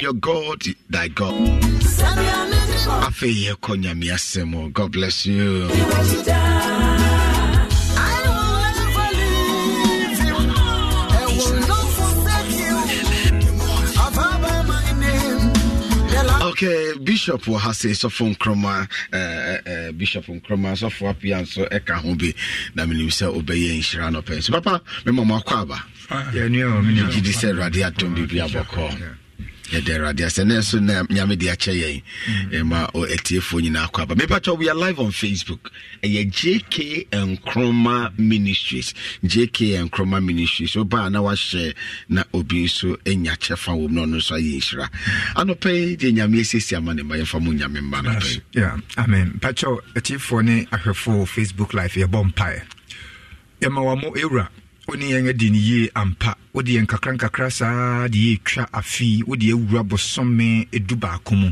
your God, thy God. Afei yɛkɔ nyame asɛm o god bless you okay bishop wɔ ha sɛ sɔfo nkrɔma uh, uh, eh, eh, eh, bishop nkrɔma sɔfo apia nso ɛka ho bi na menim sɛ wobɛyɛ nhyira no pɛ nso papa mema mo akɔ aba yɛgidi sɛ awurade atom biribi abɔkɔ yɛde awurade asɛ nɛ so na nyame de akyɛ yɛn mm. ma atiefoɔ nyinaa kɔ aba mepatɔ we are live on facebook ɛyɛ jk nkroma ministries jk nkroma ministries wobaa na wahyɛ na obi nso anya kyɛfa wɔ mu na ɔno nso ayɛ nhyira anɔpɛ deɛ nyame asiesie ama ne ma yɛmfa mu nyame mma nopɛ amen patɔ atiefoɔ ne ahwɛfoɔ facebook life yɛbɔ mpaeɛ yɛma wɔ mo ɛwura wone yɛn adi no yie ampa wode yɛn nkakra nkakra saa de yɛtwa afei wode awura bɔsɔme ɛdu baako mu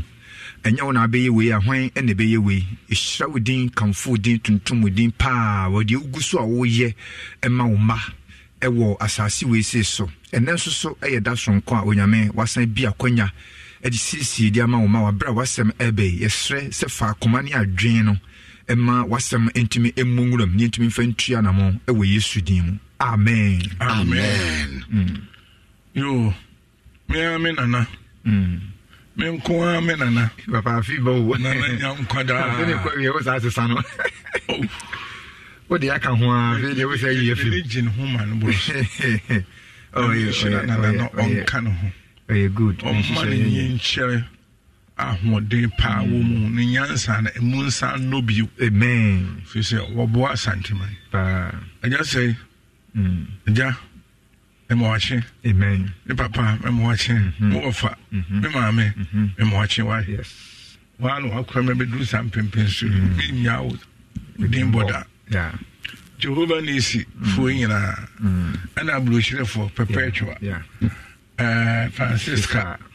ɛnyɛ wo na abɛyɛ wei ahwan ɛna ɛbɛyɛ wei ɛhyira wo din kamfo wo din tuntum wo din paa wɔde wogu so a woyɛ ɛma wo mma ɛwɔ asase wei sei so ɛnɛ nso so ɛyɛ da soronko a onyame wasan bi akɔnya ɛde siesie de ama wo ma wabrɛ a wasɛm ɛbɛi yɛserɛ sɛ fa akoma ne adwen no ɛma wasɛm ntumi ɛmu nwuram ne ntumi mfa ntua namo ɛwɔ yesu din mu amen amen mm. yo mmea me nana mm. me nko ara nana papa afi bɛ wo nana nya nkwa afi ne kɔwiɛ wo saa sesa no de aka ho a afi ne ho ma no so ɔyɛ ɔyɛ na ɔnka ne ɔyɛ good ɔma ne nyɛ nkyerɛ ahoɔden paa wɔ mu ne nyansa na emu nsa nnɔ bio amen fi sɛ wɔboa asanteman ɛnyɛ sɛ agya mema wakye ne papa mema wakye me wɔfa me maame mema wakye wae waa na wakora ma bɛduru saa mpempem so mennya wo medin bɔda jehova na ɛsi fuo nyinaa ɛna aburohyerɛfoɔ pɛpɛɛtwoa francisca yeah.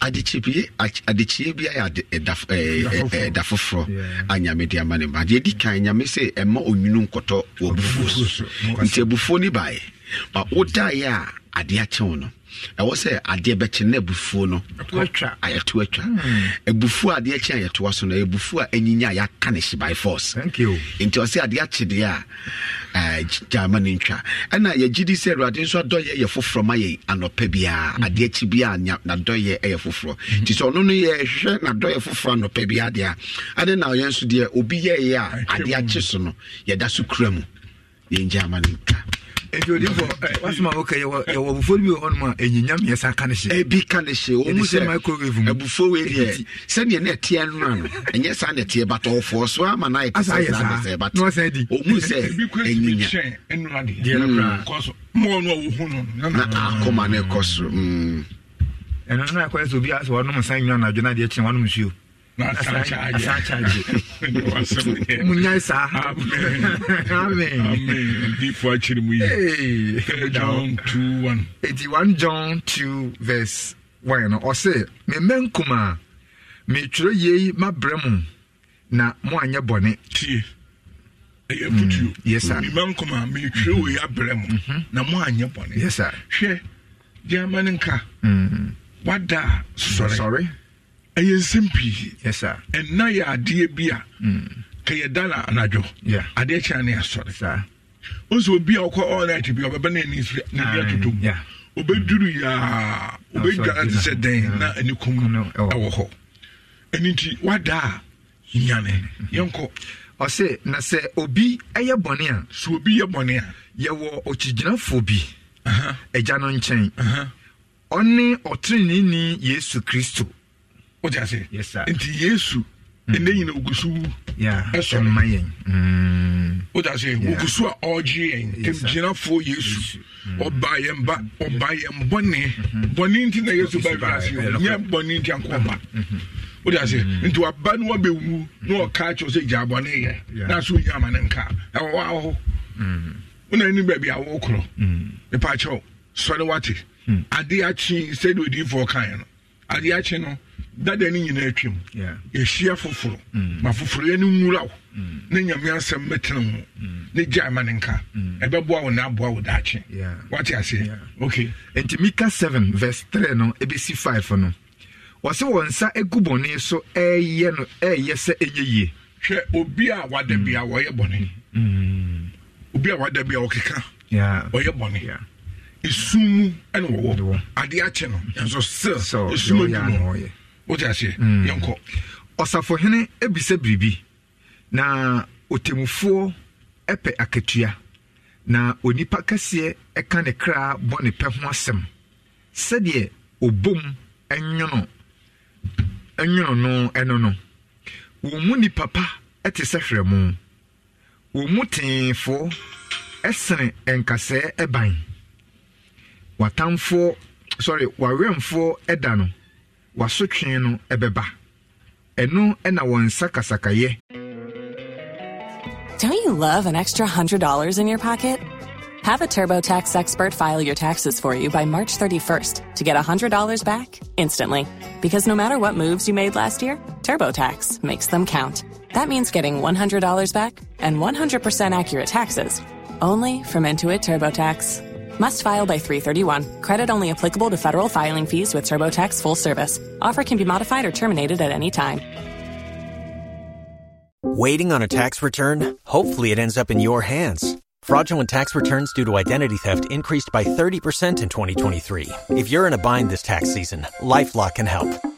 adekyee bi ayɛ ɛda foforɔ a nyame de ama ne ma deɛ di kan nyame sɛ ɛma onwunu nkɔtɔ wɔ abufuo so nti abufuo no baeɛ ma wodaeɛ a adeɛ akyew no ɛwɔ sɛ adeɛ bɛkye na abufuo no ayɛto atwa hmm. abufuo a adeɛ kye a yɛtoa so no abufuo a anyinya a yɛaka ne hye by force nti ɔsɛ adeɛ akye deɛ a gyama no ntwa ɛna yɛgye di sɛ awurade nso adɔyɛ yɛ foforɔ ma yɛ anɔpa biara hmm. adeɛ kye bi a nadɔyɛ yɛ foforɔ hmm. nti sɛ ɔno no yɛhwɛ nadɔyɛ foforɔ anɔpa biara deɛ a ade na ɔyɛ nso deɛ obi yɛyɛ a adeɛ akye so no yɛda so kura mu yɛngya no ntwa nti odinfo eh, wasoma woka yɛwɔ abufuo bi wɔ hɔnom a ɛnyinya mmiɛnsa ka ne hye ɛbi ka ne hye ɔmu sɛ microwave mu abufuo wei deɛ sɛdeɛ na ɛteɛ no ano ɛnyɛ saa na ɛteɛ but ɔfoɔ so ama na ayɛ saa na sɛ but ɔsan mm, na akoma no ɛkɔ so mm. ɛno no akɔyɛ sɛ obi asɛ wɔnom nsa nwa anadwo no adeɛ kyene nsuo munyae john 21 verse 1 no ɔse memmɛ nkum a metwerɛ yei mabrɛ mu na moanyɛ bɔne tie ɛyɛ futuo memmɛ nkum a metwerɛ wei abrɛ mu mm-hmm. na moanyɛ bɔne hwɛ gyama no nka mm. wada sɔre ɛyɛ nsɛm pii ɛna yɛ adeɛ bi a hmm. kɛyɛ dala anadwo adeɛ kyerɛ ne asɔre ɔsɛ obi a wɔkɔ ɔnit bi ɔbɛbɛ na ani nebi atoto mu obɛduru yɛa obɛdwara te sɛ dɛn na ani kom ɛwɔ hɔ ɛno nti wada a nyane mm-hmm. yɛnkɔ ɔse na sɛ obi ɛyɛ bɔne a sɛ obi yɛ bɔne a yɛwɔ ɔkyigyinafoɔ bi agya no nkyɛn ɔne ɔtereneni yesu kristo wote ase nti yesu ɛnɛ hmm. nyina ogusu ɛsɔma yɛn wote ase ogusu a ɔgye yɛn tɛmgyinafoɔ yesu ɔba hmm. yɛn ba ɔba hmm. yɛn bɔne bɔne nti na yesu ba wiase nyɛ bɔne nti anko ɔba wote ase nti waba no wabɛwu na ɔka kyerɛ sɛ gya bɔne yɛ na so nya ama ne nka ɛwɔ wɔ ahɔ wona ni baabi a wɔkorɔ mepa kyerɛw sɔre wate ade akye sɛdeɛ odiifoɔ kaeɛ no ade akye no dada ni nyinaa atwam yɛhyia foforɔ mm. ma foforɔ yɛ no nwura wo mm. ne nyame asɛm mɛtena mu mm. ne gya ma ne nka ɛbɛboa wo na aboa wo daakye wate aseɛ ok enti mika 7 vs 3 no ɛbɛsi 5 no wɔse wɔn nsa gu bɔne so ɛyɛ no ɛyɛ sɛ ɛnyɛ yie hwɛ obi a wada bia wɔyɛ bɔne obi a wada bia wɔkeka ɔyɛ bɔne esum mu ɛna wɔwɔ adeɛ akye no nso sɛ esum adwuma wote aseɛ mm. yɛnkɔ ɔsafohene ebisa biribi na otemufoɔ ɛpɛ akatua na onipa kɛseɛ ɛka ne kra bɔ ne pɛ ho asɛm sɛdeɛ obom ɛnwono ɛnwono no ɛno no wɔn mu nipa pa ɛte sɛ hwɛmo wɔn mu teenfoɔ ɛsene nkasɛɛ ɛban watamfoɔ sɔre wawɛmfoɔ ɛda no. wasotwe no ɛbɛba ɛno ɛna wɔn nsa kasakayɛ. Don't you love an extra $100 in your pocket? Have a TurboTax expert file your taxes for you by March 31st to get $100 back instantly. Because no matter what moves you made last year, TurboTax makes them count. That means getting $100 back and 100% accurate taxes only from Intuit TurboTax. Must file by 331. Credit only applicable to federal filing fees with TurboTax full service. Offer can be modified or terminated at any time. Waiting on a tax return? Hopefully, it ends up in your hands. Fraudulent tax returns due to identity theft increased by 30% in 2023. If you're in a bind this tax season, LifeLock can help.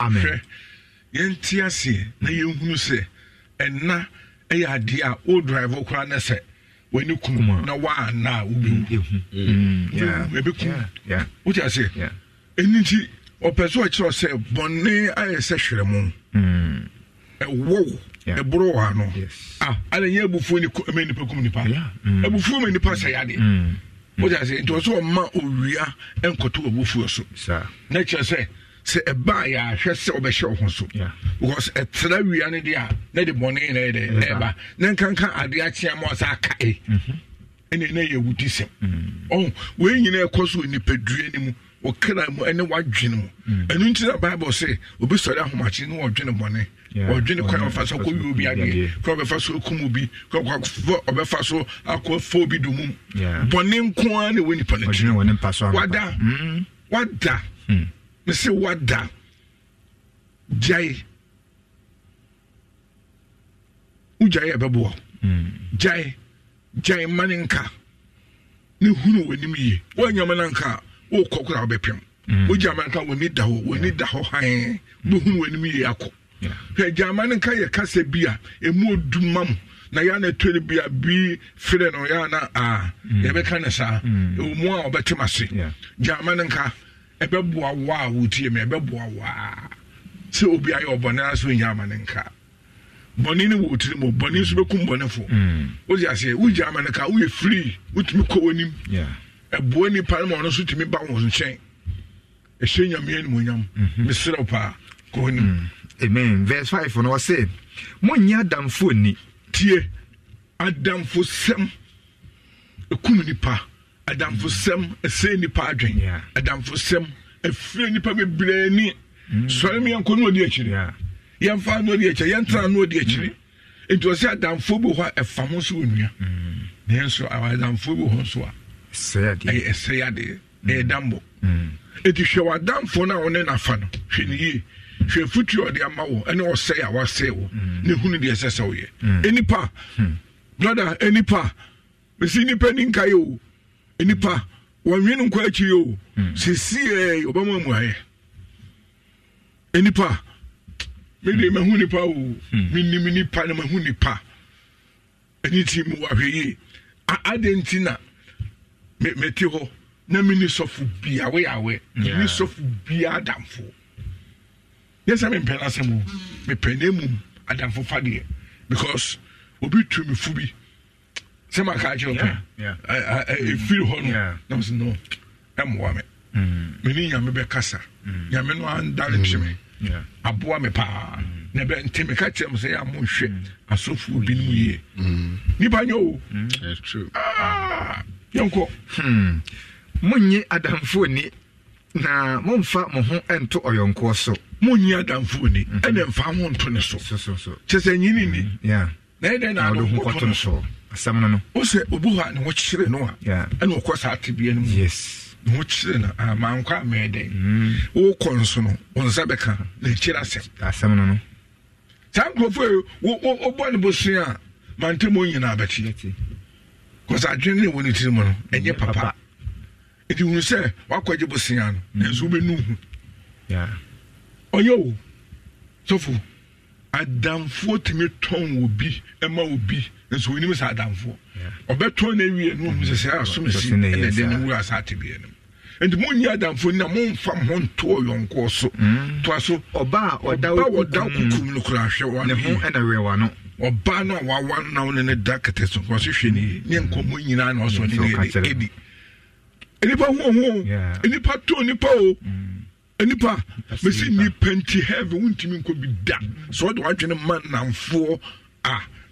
amen yɛnte aseɛ na yɛnhunu sɛ ɛna ɛyɛ adeɛ a wo drive koraa ne sɛ w'ani kum na woanaa wobɛhu ɛbɛkum mm. wote aseɛ ɛni nti ɔpɛ sɛ ɔkyerɛ sɛ bɔne ayɛ sɛ hwerɛ mo mm. ɛwɔ ɛboro wɔ ano ana ah, nyɛ mm. abufuo ma nipa kum nipa abufuo ma nipa sɛ yadeɛ wote aseɛ nti ɔ sɛ ɔma owia ɛnkɔto abufuo so na kyerɛ sɛ sɛ ɛbaa yɛ ahwɛ sɛ ɔbɛhyɛ ɔho so because ɛtena wia no deɛ a na de bɔne na ɛdɛ ɛba na nkanka adeɛ akyea ma ɔsɛ akae mm-hmm. ɛne na yɛ wudi sɛm mm. ɔho wei nyinaa ɛkɔ so nipadua no mu ɔkra mu ɛne wadwene mu mm. ɛno nti na bible sɛ obi sɔre ahomakye ne wɔdwene bɔne ɔdwene kwan ɔfa so akɔwi obi adeɛ kora ɔbɛfa so akum obi ɔbɛfa so akɔfa obi do bɔne nko ara na ɛwɔ nipa no tiwada wada mm. hmm mesi wada gyae wogyae ɛbɛboa gyae gyae ma ne nka ne hunu w'anim yie woanyama no ah, mm. mm. nka a wokɔ kora wobɛpem wogya ma nka w'ani da hɔ w'ani da hɔ hann wobɛhunu w'anim yie akɔ hwɛ gyama no nka yɛ kasa bi a ɛmu ɔdu ma mu na yɛ ana ɛtɔ no bi a bi frɛ no yɛ ana a yɛbɛka ne saa ɛwɔ mu a wɔbɛtem ase gyama no nka ɛbɛboa wo a wotie me ɛbɛboa wo a sɛ obi ayɛ ɔbɔne a so nya ama ne nka bɔne hmm. ne wɔ otiri mu bɔne nso bɛkum bɔnefo wode aseɛ wogya ama no ka woyɛ firi wotumi kɔ w'anim ɛboa nipa no ma ɔno nso tumi ba wo nkyɛn ɛhyɛ nyameɛ nimonyam mhm. mesrɛ wo paa kɔ w'anim hmm. amen verse 5 no ɔse monyɛ adamfo ni tie adamfo sɛm ɛkum nipa e adamfosɛm ɛsɛ nipa adwen adamfosɛm ɛfiri nipa bebree ni mm. sɔre mi yɛnkɔ no odi akyiri yɛnfa no odi akyiri yɛntena mm. no odi akyiri mm. nti ɔsɛ adamfo bi hɔ a ɛfa ho so onua na yɛn nso adamfo bi hɔ nso a ɛyɛ ɛsɛ yadeɛ ɛyɛ dambɔ eti hwɛ wadamfo no a ɔne nafa no hwɛ ne yie hwɛ futu ɔde ama wɔ ɛne ɔsɛe a wasɛe wɔ ne hunu deɛ ɛsɛ sɛ ɔyɛ enipa hmm. broda enipa bɛsi nipa ni nkae o nipa wɔnwe no nkɔ akyiri o sesie hmm. ɔbɛma mu ayɛ nipa mede mahu nipa o menim hmm. nipa na mahu nipa ɛne ti mu wahwɛ yie adɛ nti na mete hɔ na mene sɔfo bia woyɛawɛ mene sɔfo bia adamfo yɛ sɛ mempɛ no asɛm o mepɛ na mmom adamfo fadeɛ because obi tu me fu bi sɛ maka akyerɛ ka ɛfiri hɔ no na msɛ no ɛmmoa me mm. mene nyame bɛkasa mm. nyame no andale hye me mm. aboa me paa na nti meka kyerɛ m sɛ yɛ amo nhwɛ asɔfoɔ binom yie nnipa nyɛ o ah, yɛnkɔ hmm. monnye adamfoɔ ni na momfa mo ho nto ɔyɔnkoɔ so monnye adamfoɔ ni mm-hmm. ɛna mfa ho nto ne so kyɛ sɛ nyini ni mm-hmm. na ɛdɛn na adɔho kɔto no so asɛm no no wo sɛ obi hɔ a ne ho no a ɛne ɔkɔ saa tebea no mu ne ho kyere no ah, a mankɔ a mɛɛdɛn mm. wokɔ nso no wo nsa bɛka na ɛkyere asɛm asɛm no no saa nkurɔfoɔ wobɔ ne bosua a mantam nyinaa bɛte bcause adwene ne wɔ ne tiri mu no ɛnyɛ papa ɛti hunu sɛ woakɔgye bosea no mm. nanso wobɛnu hu ɔnyɛ o sɔfo adamfoɔ tumi tɔn wɔ ɛma wɔ bi nso wɔnim sɛ adamfoɔ ɔbɛtɔ no awie no ɔmu sɛ sɛ asom ah, si ɛna ɛde ne wura saa tebeɛ no nti monyi adamfoɔ ni na momfam ho nto ɔyɔnkoɔ so mm. toa so ɔba a ɔda kokum no kora hwɛ wano ɔba no a wawa na wo ne ne da kɛtɛ so kɔ so hwɛ ne ne nkɔmmɔ nyinaa na ɔsɔ ne ne ɛdi nnipa ho ho nnipa to nnipa o mm. nipa mesi nnipa nti heaven wontumi nkɔ bi da sɛ ɔde wadwene ma namfoɔ a ah.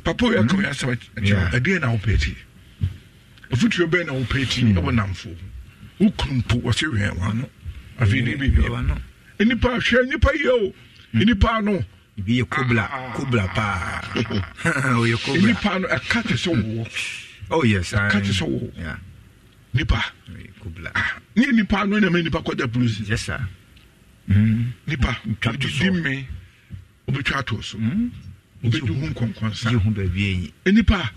papa yɛ kɔ yɛ asɛm ɛdeɛ na wopɛ ti ofutuo bɛn na wopɛ ti ɛwɔ hmm. namfo wokunu mpo wɔsɛ wɛn wano afei ne bi nipa ahwɛ nipa yɛ o nipa no ebi ah. yɛ kobla kobla paa oyɛ kobla nipa no ɛka te sɛ wɔwɔ oh yes ɛka te sɛ wɔwɔ nipa kobla ah. ne nipa no na mɛ nipa kɔda polisi yes sir hmm. nipa di mi obetwa ato so. Mm wobɛgye ho nkɔnkɔnsa nipa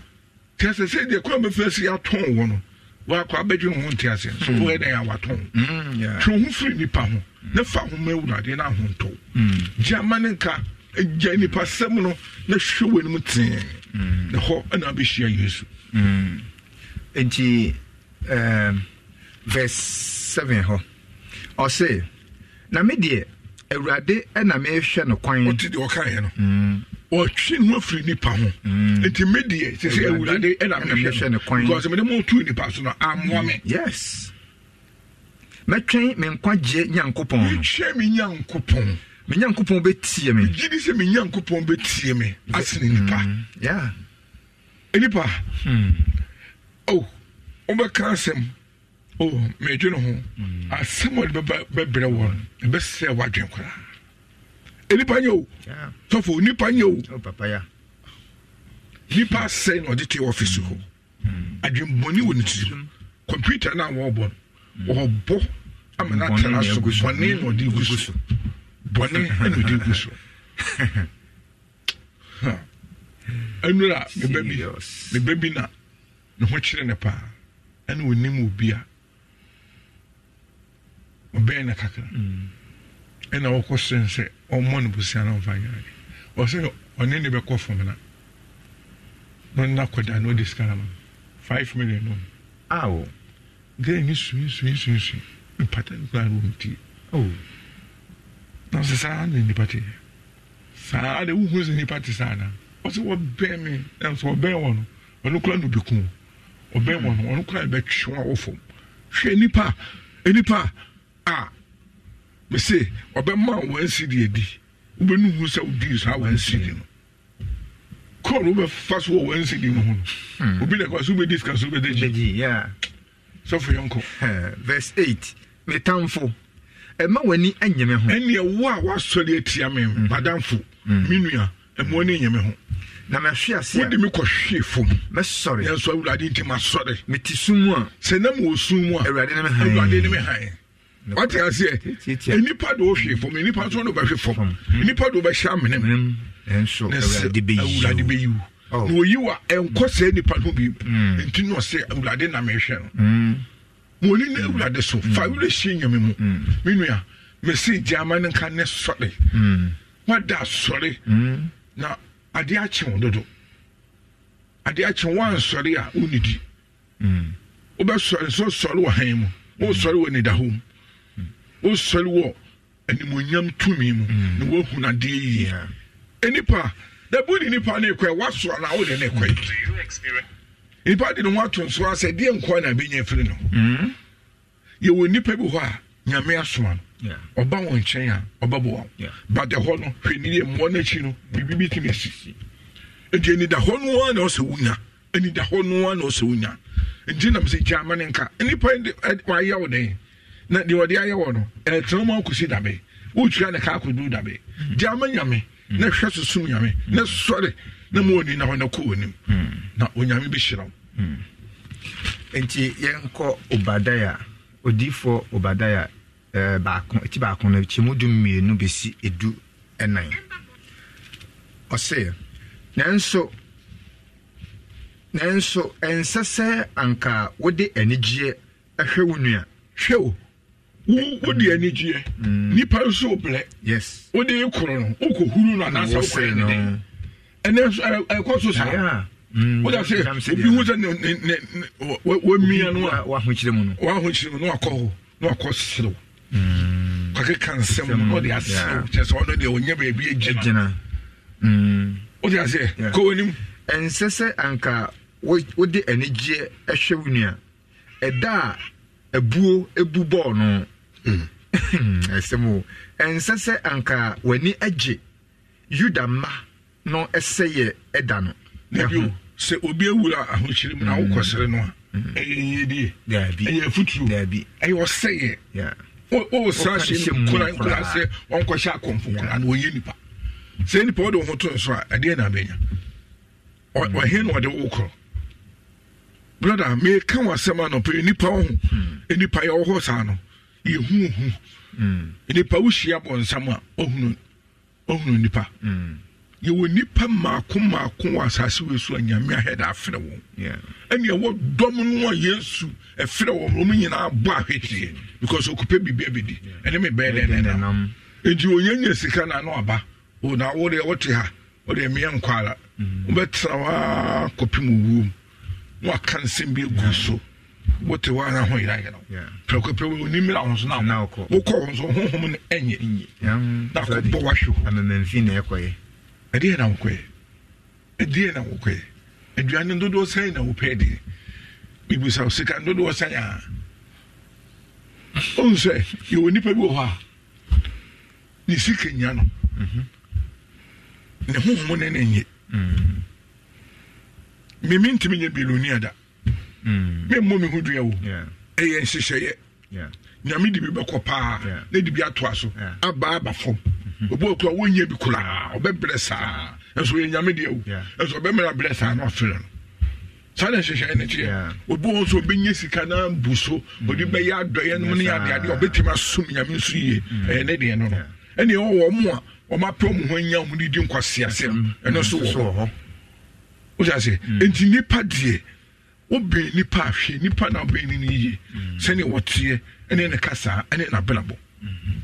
nti asɛ sɛ deɛ kwan bɛfɛ si atɔn wɔ no waakɔ abɛgye ho nte ase so woyɛ dɛn awatɔn twe ho firi nipa ho ne fa ho ma awurade no ahontɔw gyama hmm. ne nka gya nipa sɛm no na hwɛ wɔ anim tee hmm. na hɔ ɛna abɛhyia yesu hmm. nti ehm, verse 7 hɔ ɔse na me deɛ awurade ɛna mehwɛ no kwan ɔte deɛ ɔkaeɛ ɔtwe mm. no afiri nipa ho nti me deɛ sɛ sɛ awurade ɛna mehwɛ no because mede mɔtu nipa so no amoa me yes mɛtwɛn me nkwagye nyankopɔn mɛtwɛ me nyankopɔn me nyankopɔn bɛtie me gyidi sɛ me nyankopɔn bɛtie me asene mm. nipa yeah eh, nipa hmm. oh wobɛka asɛm oh meedwe no ho hmm. asɛm a ɔde bɛbrɛ wɔ no ɛbɛsɛ woadwen koraa nipa nye o sɔfo nipa nye o nipa asɛn na ɔde te ɔfisi hɔ adwemmɔni wɔ ne tirim kɔmputa no a wɔbɔ no wɔbɔ ama no atara so bɔne na ɔde gu so bɔne na ɔde gu so ɛnura meba bi meba bi na ne ho kyerɛ ne paa ɛna ɔnim obi a ɔbɛn na kakra ɛna wɔkɔ sen sɛ ɔmmɔ no busua na ɔmfa nyɛ ade ɔsɛ ɔne ne bɛkɔ fam na na na kɔda na ɔde sika na ma five million no awo gɛɛ ne sui sui sui sui mpata no koraa na wɔn ti awo na ɔsɛ saa na nipa te saa ade wuhu sɛ nipa te saa na ɔsɛ wɔbɛn mi nso ɔbɛn wɔn no ɔno koraa na obi kun ɔbɛn wɔn no ɔno koraa na bɛtwe wɔn awɔ fam hwɛ nipa nipa a mese ɔbɛma wansi de adi wobɛnu wu sɛ wodii saa wansi de no kɔɔre wobɛfa so wɔ wansi de no ho no hmm. obi na kɔ so wobɛdi sika so wobɛdagyi sɛfo yɛnkɔ verse 8 metamfo ɛma w'ani anyeme ho ɛneɛ wo a woasɔre atia me hmm. madamfo hmm. me nua ɛma w'ani anyeme ho na mahwe ase wode me kɔhwee fam mɛsɔre yɛnso awurade nti masɔre mete sum mu a sɛ na ma wɔ sum a awurade ne me han wate aseɛ nipa de wohwe fam nipa nso ne wobɛhwe fam hmm. nipa de wobɛhyɛ amenem awurade bɛyiw oh. na oyiw a ɛnkɔ saa nipa no bi hmm. nti ne ɔsɛ awurade na mehwɛ no mɔni hmm. no awurade so fa werɛhyie nyame mu menua mesi gyama no nka ne sɔre wada asɔre na adeɛ akye wo dodo adeɛ akye woansɔre a wonidi wobɛsɔre sɛ sɔre wɔ han mu wosɔre wɔ nidaho mu wosɔre wɔ animonyam tumi mu na woahunu adeɛ yie nnipa dabu ni nipa ne kɔɛ waso ana wode ne kɔe nipa de ne ho ato nso a sɛ deɛ nkɔe na bɛnya firi no hmm. yɛwɔ nnipa bi hɔ a nyame asoma no ɔba wɔn nkyɛn a ɔbɛboa wo but ɛhɔ no hwɛ ni yɛ mmoa no akyi no biribi bi tumi asi nti anida hɔ no ara na ɔsɛ wonya anida hɔ no ara na ɔsɛ wonya nti nam sɛ gya ama ne nka nnipa wayɛ wo dɛn na deɛ wɔde ayɛ wɔ no ɛtena mu akɔsi dabe wotwira ne kaa kɔdu dabe deɛ ama nyame na hwɛ sosom nyame na sɔre na ma ɔni na hɔ na kɔ ɔnim na onyame bi hyerɛ wo nti yɛnkɔ obadaya odiifoɔ obadaya eh, baako akyi baako no kyɛmu du mmienu bɛsi edu ɛnan ɔsɛ nanso nanso ɛnsɛ sɛ anka wode anigyeɛ ɛhwɛ wo nua hwɛ wo wodi ani gyeɛ mm. nipa nso brɛ wode koro no no anaasɛ wokɔɛ no so saa mm. sɛ obi hu sɛ wamia no wahokyerɛ mu no wakɔ na wakɔ serew kakeka mm. nsɛm na ɔde aserew sɛ ɔno deɛ baabi agyina wode aseɛ kɔ w'anim ɛnsɛ sɛ anka wode anigyeɛ wo nua ɛda a no ɛsɛm mm. o ɛnsɛ sɛ anka w'ani agye yuda mma no ɛsɛ yɛ ɛda no nabio sɛ obi awu a ahokyere mu na mm. wokɔsere no a mm. ɛyɛ yɛdie ɛyɛ afutuo ɛyɛ ɔsɛyɛ wɔwɔ saa hyɛ mu kora nkora sɛ wɔnkɔhyɛ akɔmfo kora na wɔyɛ nipa sɛ nipa wɔde wo ho to nso a ɛdeɛ na abɛnya ɔhe na wɔde wo korɔ brother meka wɔ asɛm a nɔpɛ nipa wo ho nipa yɛ wɔ hɔ saa no yɛhu hu mm. nipa wohyia bɔnsam a ɔhunu ɔhunu nipa mm. yɛwɔ nipa maako maako wɔ asase wei so a nyame ahɛ afrɛ wɔn ɛne ɛwɔ dɔm no a yesu ɛfrɛ wɔn wɔn nyinaa bɔ ahweteɛ because okupɛ biribi abɛdi ɛne me bɛɛ Eji sika na ano aba o na wɔde ha wɔde ɛmeɛ nkɔ ara mm. wɔbɛtena hɔ a kɔpem owuom na waka nsɛm bi agu so. wote wa ara ho yera yɛ no prɛkɔprɛ ɔni mmira wo so no wokɔ wo so honhom no ɛnyɛ na akɔbɔ wahwe ho ɛdeɛ na wokɔɛ ɛdeɛ na wokɔɛ aduane dodoɔ sɛn na wopɛɛ de mibisa wo sika dodoɔ sɛn a ɔhu sɛ yɛwɔ nnipa bi wɔ hɔ a ne sika nya no mhm. ne honhom no ne nyɛ mhm. mimi ntimi nyɛ biloni ada memmɔ me ho dua wo ɛyɛ eh, nhyehyɛeɛ nyame de bi bɛkɔ paa na de bi atoa so abaa aba fam mm-hmm. obi okura wonye bi koraa ɔbɛbrɛ saa ɛnso yɛ nyame deɛ wo ɛnso ɔbɛmmerɛ brɛ saa na ɔfere no saa na nhyehyɛeɛ no kyeɛ obi wɔ nso ɔbɛnya sika na mbu so ɔde mm. bɛyɛ adɔeɛ nom ne adeadeɛ ɔbɛtumi asom nyame nso yie mm. ɛyɛ ne deɛ no no ɛne ɛwɔ wɔ mo a ɔmapɛ ɔmo ho anya ɔmo de di nkwaseasɛm mm. ɛno nso wɔ hɔ wosa sɛ enti nnipa deɛ wobɛn nipa ahwɛ nipa na wobɛn ne yie mm. sɛnea wɔteɛ ɛne ne kasaa ɛne n'abrabɔ mm-hmm.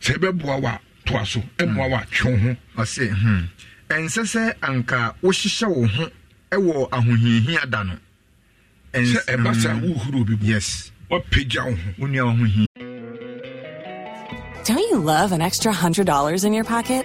sɛ ɛbɛboa wo toa so ɛmmoa wo a ho ɔse hmm. ɛnsɛ sɛ anka wohyehyɛ wo ho ɛwɔ ahohiahia da no sɛ ɛba saa mm. wohuro obi yes wapagya wo ho wonua wo ho hi Don't you love an extra hundred dollars in your pocket?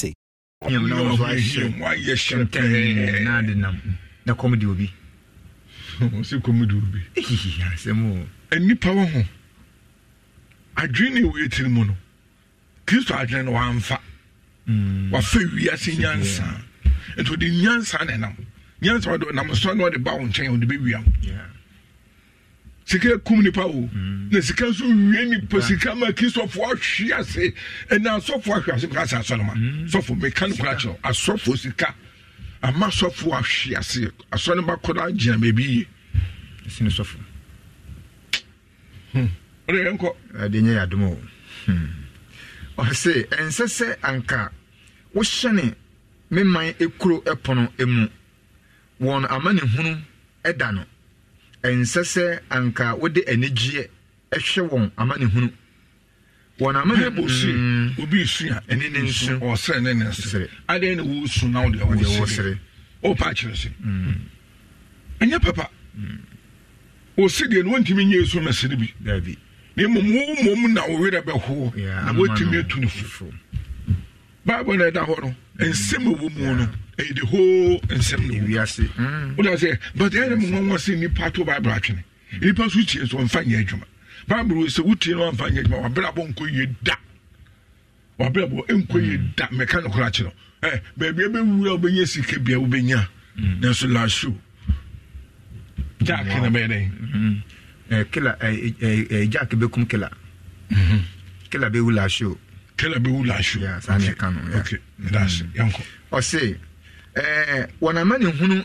wayɛ hyɛntɛn na ade nam na kɔm de obi sɛ kɔm de obi asɛm nnipa wɔ ho adwene ne ɛtiri mu no kristo adwene no wamfa wafa wiase nyansa nti ɔde nyansa na ɛnam nyansa ɔde nam sɔ na ɔde ba wo nkyɛn ɔde bɛwia wo sika kum nipa o mm. na sika nso wie nipa sika ma kristofo ahwe ase ɛna asɔfo ahwe ase kasa asɔnoma mm. sɔfo meka no kora kyerɛ asɔfo sika ama sɔfo ahwe ase asɔnoma kora gyina baabi yie ɛsine sɔfo hmm. ɔde yɛ nkɔ ɛde nyɛ yɛ adom o hmm. ɔse ɛnsɛ sɛ anka wohyɛ ne me man ekuro ɛpono emu wɔn amanehunu ɛda no ɛnsɛ sɛ anka wode anigyeɛ ɛhwɛ wɔn amanehunu wɔn amane bɔ se mm. obi su a ɛne ne nsu ɔsere ne ne nsere adeɛ ne wosu na wode wosere wopa akyerɛ se mm. ɛnyɛ papa ɔse mm. deɛ no wontumi nyɛ ɛsu mɛsere bi na mu mu mu na wo werɛ bɛhoɔ na woatumi atu ne fo bible na ɛda hɔ no ɛnsɛm ɛwɔ mu no ɛyɛ the whole nsɛm ne wiase woda sɛ but ɛyɛ mu wɔn sɛ nnipa to bible atwene nnipa so tie so ɔmfa nyɛ adwuma bible sɛ wotie no ɔmfa nyɛ adwuma wabrabɔ nkɔ yie da wabrabɔ nkɔ yie da mɛka no kora kyerɛ eh, baabi ɛbɛwura wobɛnya sika bia wobɛnya mm. nanso laso jack na bɛyɛ dɛn kila jack bɛkum kila kila bɛwu laso kila bɛwu laso ɔse ɛɛ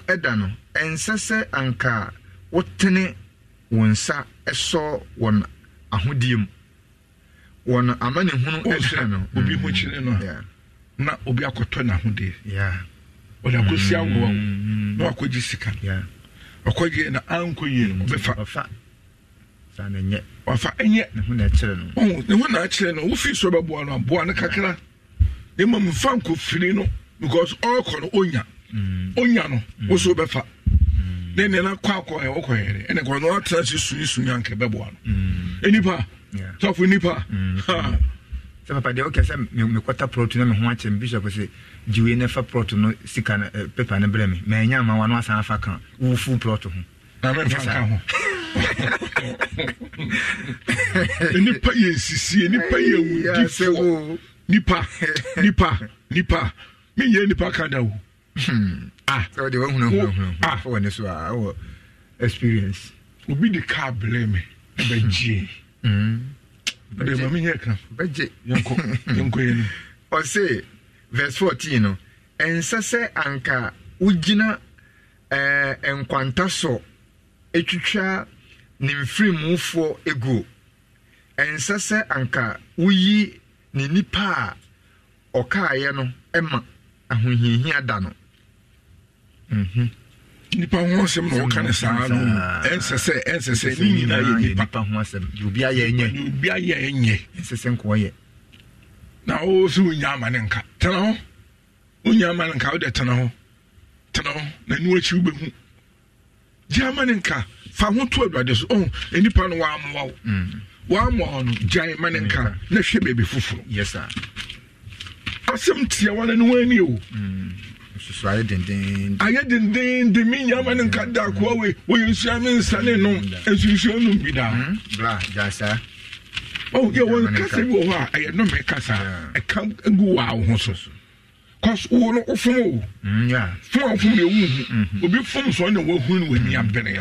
eh, no sɛ anka wɔn nsa wɔn ahodie mu wɔn no obi ho kyerɛ no mm-hmm. na obi akɔtɔ n'ahodie ɔde akɔsi na mm-hmm. wakɔgye sika ɔkɔgye na anko yie ɔbɛfa mm-hmm. wafa ɛnyɛ ne ho na akyerɛ no oh, wofi so bɛboa no aboa no kakra na mmom mfa no because ɔkɔ no onya mm. onya no woso bɛfa ne ne na kɔ akɔ ɛ ɔkɔ yɛ dɛ ɛnɛ kɔ ɔtena si suni suni anke bɛboa no enipa tɔfo nipa ha. sɛ papa deɛ wokɛ sɛ mekɔta prɔto na me ho akyɛ me bishop sɛ gyiwei no fa prɔto no sika no pepa no berɛ me maanya ma wa no asan afa ka wofu prɔto ho nipa yɛ nsisie nipa yɛ awudifoɔ nipa nipa nipa menyɛ nipa ka da o ɔde hmm. ah. wahunahunahunafɔwɔ ah. ne so a ɛwɔ experience obi de kaa blɛ me ɛbɛgyee hmm. hmm. de ma menyɛ ka bɛgye ɔse verse 14 no ɛnsɛ sɛ anka wogyina ɛɛ eh, nkwanta so etwitwa ne mfirimufoɔ eguo ɛnsɛ sɛ anka woyi ne nipa a ɔkaayɛ no ɛma ahohiahia da no mhm. nipa ho asɛm na wɔka ne saa no ɛnsɛ sɛ ɛnsɛ sɛ ne nyinaa yɛ nipa ho asɛm obi ayɛ ɛnyɛ obi ayɛ ɛnyɛ ɛnsɛ sɛ nkɔ yɛ na wo so wonya ama ne nka tena ho wonya ama ne nka wode tena ho tena ho na ni wakyi wobɛhu gye ama ne nka fa ho to aduade so oh nipa no waamoa wo mm. waamoa wo no gyae ma ne nka na hwɛ baabi foforɔ yes sir asɛm tia wale no wani o hmm. ayɛ dendenden me nyama no nka da koa wei wɔyɛ nsua me nsa ne nom nsunsua hmm. nom bi daa yɛ wɔn kasa bi wɔ hɔ a ɛyɛ nnɔmɛ kasa ɛka gu wɔ awo so kɔs wo no wofom o hmm, fom a wofom deɛ wohu mm-hmm. obi fom sɔɔ na wahu no wani abene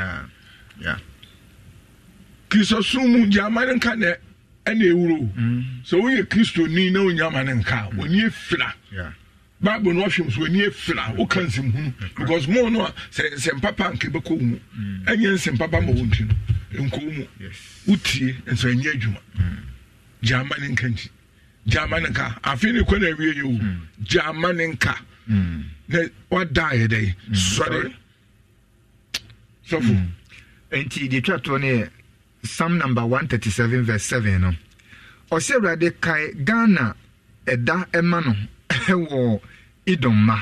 kisɛ sum mu gyama nka nɛ ɛna ewuro mm-hmm. sɛ woyɛ ni na wonya ama ne nka mm-hmm. w'ani efira baabu no ɔhwɛ nso w'ani efira mm-hmm. woka nsɛm hunu because mo no a sɛ sɛ mpapa nke bɛkɔ wo mu ɛnyɛ nsɛm papa ma wɔn ti no nkɔ mu wotie nso ɛnyɛ adwuma gya ama ne nka nkyi gya ne nka afei ne kɔ na awie yɛ o gya ne nka na wada ayɛ dɛ sɔre sɔfo. nti deɛ twa toɔ no yɛ psalm number one thirty seven verse seven no ɔsɛ awurade kae ghana ɛda ɛma no ɛwɔ idɔn ma.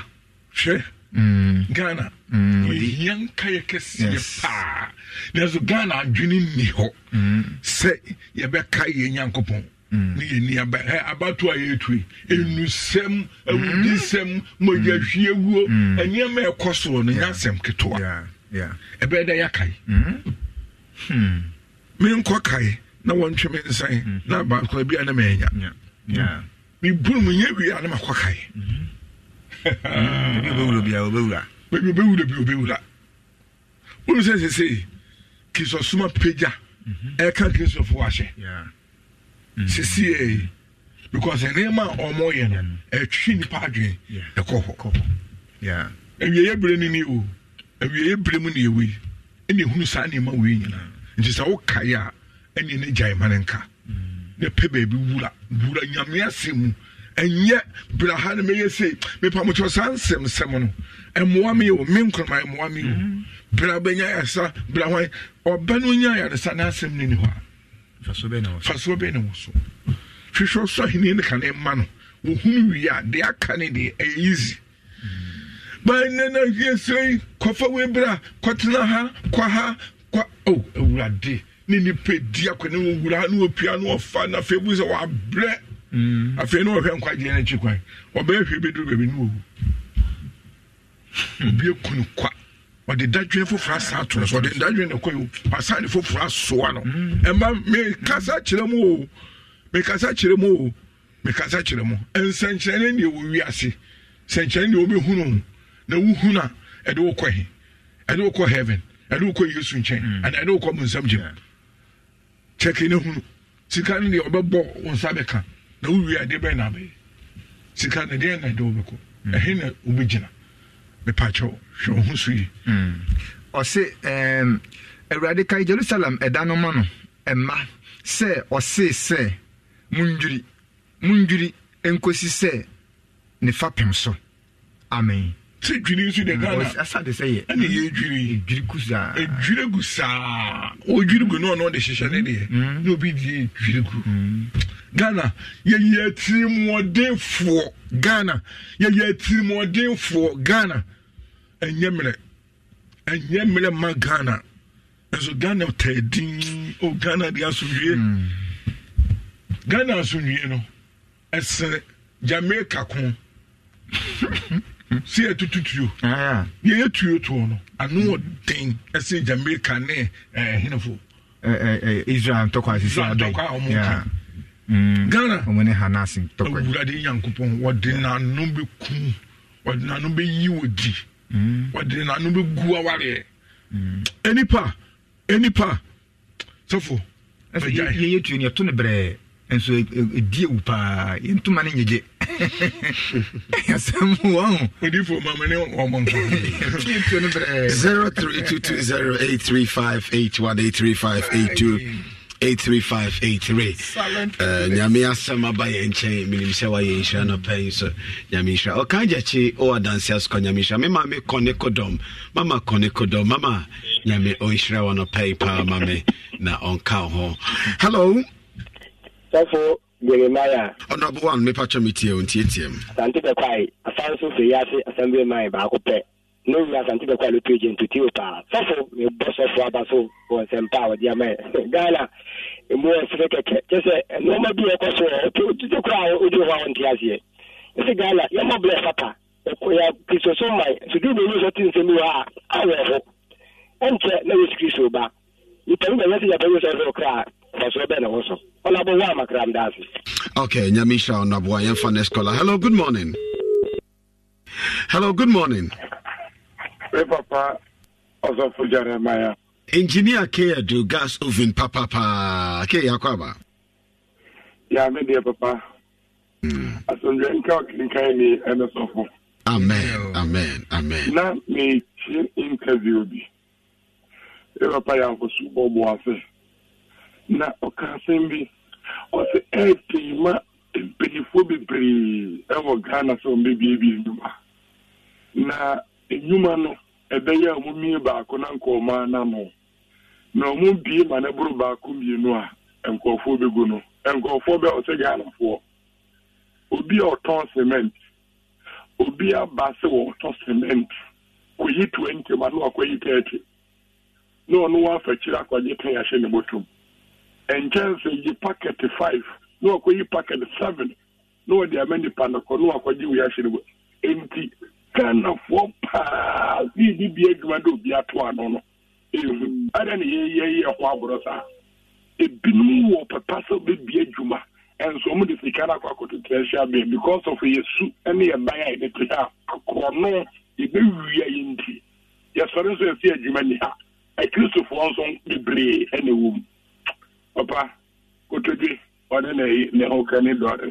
hwɛ mm. ghana mm. yɛhia nkaeɛ kɛseɛ paa nanso ghana adwene nni hɔ mm. sɛ yɛbɛka yɛ nyankopɔn ne yɛni abato a yɛtue ɛnusɛm awudisɛm magyahwie wuo nneɛma ɛkɔ soro no nyɛ asɛm ketewa ɛbɛyɛ dɛ yɛakae hmm menkɔ kae na wɔntwe me nsan mhm. na baakora bia na maanya mebu mu nyɛ wie a na makɔ kae mm-hmm. bɛwura bi obɛwura wonu sɛ sesei krisosoma pagya mm-hmm. ɛka kristofo ahyɛ mm-hmm. sesie because nneɛma a ɔmɔyɛ no ɛtwi nipa adwene ɛkɔ hɔ awieyɛ berɛ no ni o awieyɛ berɛ mu ne ɛwei ɛne ɛhunu saa nneɛma wei nyinaa nti sɛ wokae a ɛne ne gyae ma ne nka ne pɛ baabi wura wura nyame ase mu ɛnyɛ bra ha no mɛyɛ sei mepamokyɛ saa nsɛmsɛm no ɛmmoa me yɛo me nkoroma ɛmmoa me yɛo mhm. bra bɛnya yɛsa bra hwan ɔba no nya yaresa na asɛm no ni hɔ a fasoɔ bɛ ne wo so hwehwɛ so ahene ne ka ne ma no wɔhunu wie a deɛ aka ne deɛ ɛyɛ easy baa nana yɛ sei kɔfa wei bra kɔtena ha kɔ ha kwa o awurade ne nipadua kɔ ne wɔwura ne wɔpia ne wɔfa na afei bu sɛ wabrɛ mm. afei ne wɔhwɛ nkwagyeɛ no akyi kwan ɔbɛyɛhwɛ bɛduru baabi ne wɔwu obi aku no kwa ɔde dadwene foforɔ asa ato no so ɔde dadwene ne kɔyɛ wasa ne foforɔ asoa no mm. ɛma mekasa kyerɛ mu o mekasa kyerɛ mu o mekasa kyerɛ mu nsɛnkyerɛnne ne ɛwɔ wiase sɛnkyerɛnne ne wɔbɛhunu na wohunu a ɛde wokɔ he ɛde wokɔ heaven ɛne wokɔ yesu nkyɛn ɛne wokɔ mu nsɛm gyem kyɛke no hunu sika no deɛ ɔbɛbɔ wo nsa bɛka na wowie adeɛ bɛɛ na abɛyɛ sika no deɛ na ɛde wobɛkɔ ɛhe na wobɛgyina mepakyɛw hwɛ wo ho so yi ɔse awurade kae jerusalem ɛda no ma no ɛma sɛ ɔse sɛ mundwiri mundwiri nkɔsi sɛ ne fapem so amen sɛ dwiri nso de ghanaasade sɛ yɛ ɛne yɛ dwiri dwiri gu saa ɛdwiri gu saa ɔdwiri gu ne de hyehyɛ ne deɛ na obi deɛ dwiri gu ghana yɛyɛ atirimuɔdenfoɔ mm. mm. ghana yɛyɛ atirimuɔdenfoɔ ghana ɛnyɛ mmerɛ ma ghana nso ghana taa din o ghana de asomdwie ghana asomdwie no ɛsene jamaica ko si etutu tuo yɛ ah, yɛ tuo tuo no ano wɔ den ɛsɛ jamaica ne ɛɛ hinafo. ɛɛ ɛɛ israel ntɔkwa sisi adɔ yi israel ntɔkwa ɔmo kan. ghana ɔmo ne hanasi ntɔkwa yi owurade yankopɔn wɔde n'ano bɛ kun wɔde n'ano bɛ yi wɔ di wɔde n'ano bɛ gu awareɛ enipa enipa sɔfo ɛgya yi yɛ yɛ tuo ni ɛto ne brɛ nso edie wu paa yɛntoma ne nyegye yasɛm waho odifo mamane ɔmɔ nkotuo no brɛ 03220835818358 83583 uh, nyame asɛm aba yɛ nkyɛn menim sɛ wayɛ nhyira no pɛi so nyame nhyira ɔka gyakye ɔwɔ adanse asokɔ nyame nhyira mema me kɔne kodɔm mama kɔne kodɔm mama nyame ɔnhyira wɔ no pɛi paa ma me na ɔnka wo ho hello Therefore, jeremaya. honourable one mepa twɛ me tie o ntietie mu. asante bɛkwae asan so fɛ yi ase assembly man e, baako pɛ ne wura asante bɛkwae lo page ntuti o paa sɔfo mebɔ sɔfo aba so wɔ nsɛm pa a wɔde ama yɛ ghana emu yɛ sɛfɛ kɛkɛ kyɛ sɛ nneɛma bi yɛ kɔ so wɔ ɔtɔ tutu kora a odi hɔ a wɔnte aseɛ ɛsɛ ghana yɛmɔ blɛ papa ɛkɔya kristoso man sudu mi ni sɔ ti nsɛm wɔ a awɔ hɔ ɛnkyɛ na yesu kristo ba nipa mi na yɛsi yɛ bɛ yesu ɛfɛ kora okay Nyamisha, hyira ɔnaboa yɛmfa next hello good morning hello good morning me papa ɔsɔfo jeremia engineer k adu gas oven papa k yɛakɔ aba yɛ me deɛ papa asomdwa nka ɔkenkan amen amen amen na metie interview bi ɛ eh, papa yɛ akɔsu bɔbɔ ase na ɔka asɛm bi ɔsɛ ɛɛpii ma mpanyinfoɔ bebree ɛwɔ ghana sɛ ɔmbɛbiebie nnwuma na nnwuma no ɛbɛyɛ a ɔmomie baako na nkɔɔmaa nano na ɔmo bie ma no boro baako mmienu a nkɔɔfoɔ bɛgu no nkɔɔfoɔ bɛ ɔsɛ ghanafoɔ obi a ɔtɔn cement obi aba sɛ wɔtɔ cement kɔyi twenty ma no wakɔyi thirty na ɔno wafa akyiri akɔgye ten ahyɛ ne bɔtom nkyɛnse yi packet five na wakɔyi packet seven na wɔde ama nipa nakɔ na wakɔgye wia hyɛ no mu nti ghanafoɔ paa sii di bi adwuma de obi ato ano no ehu ada na yɛyɛyɛ ɛho aborɔ saa ebinom wɔ pɛpɛ sɛ ɔbɛbi adwuma nso wɔn de sika no akɔ akɔtotɛ ahyia bɛn because of yɛsu ne yɛban a yɛde te ha akorɔno yɛbɛwia yɛ nti yɛsɔre nso yɛsi adwuma ni ha akristofoɔ e, nso bebree na ɛwɔ mu papa kotodwe ɔne ne ne ho kani dɔre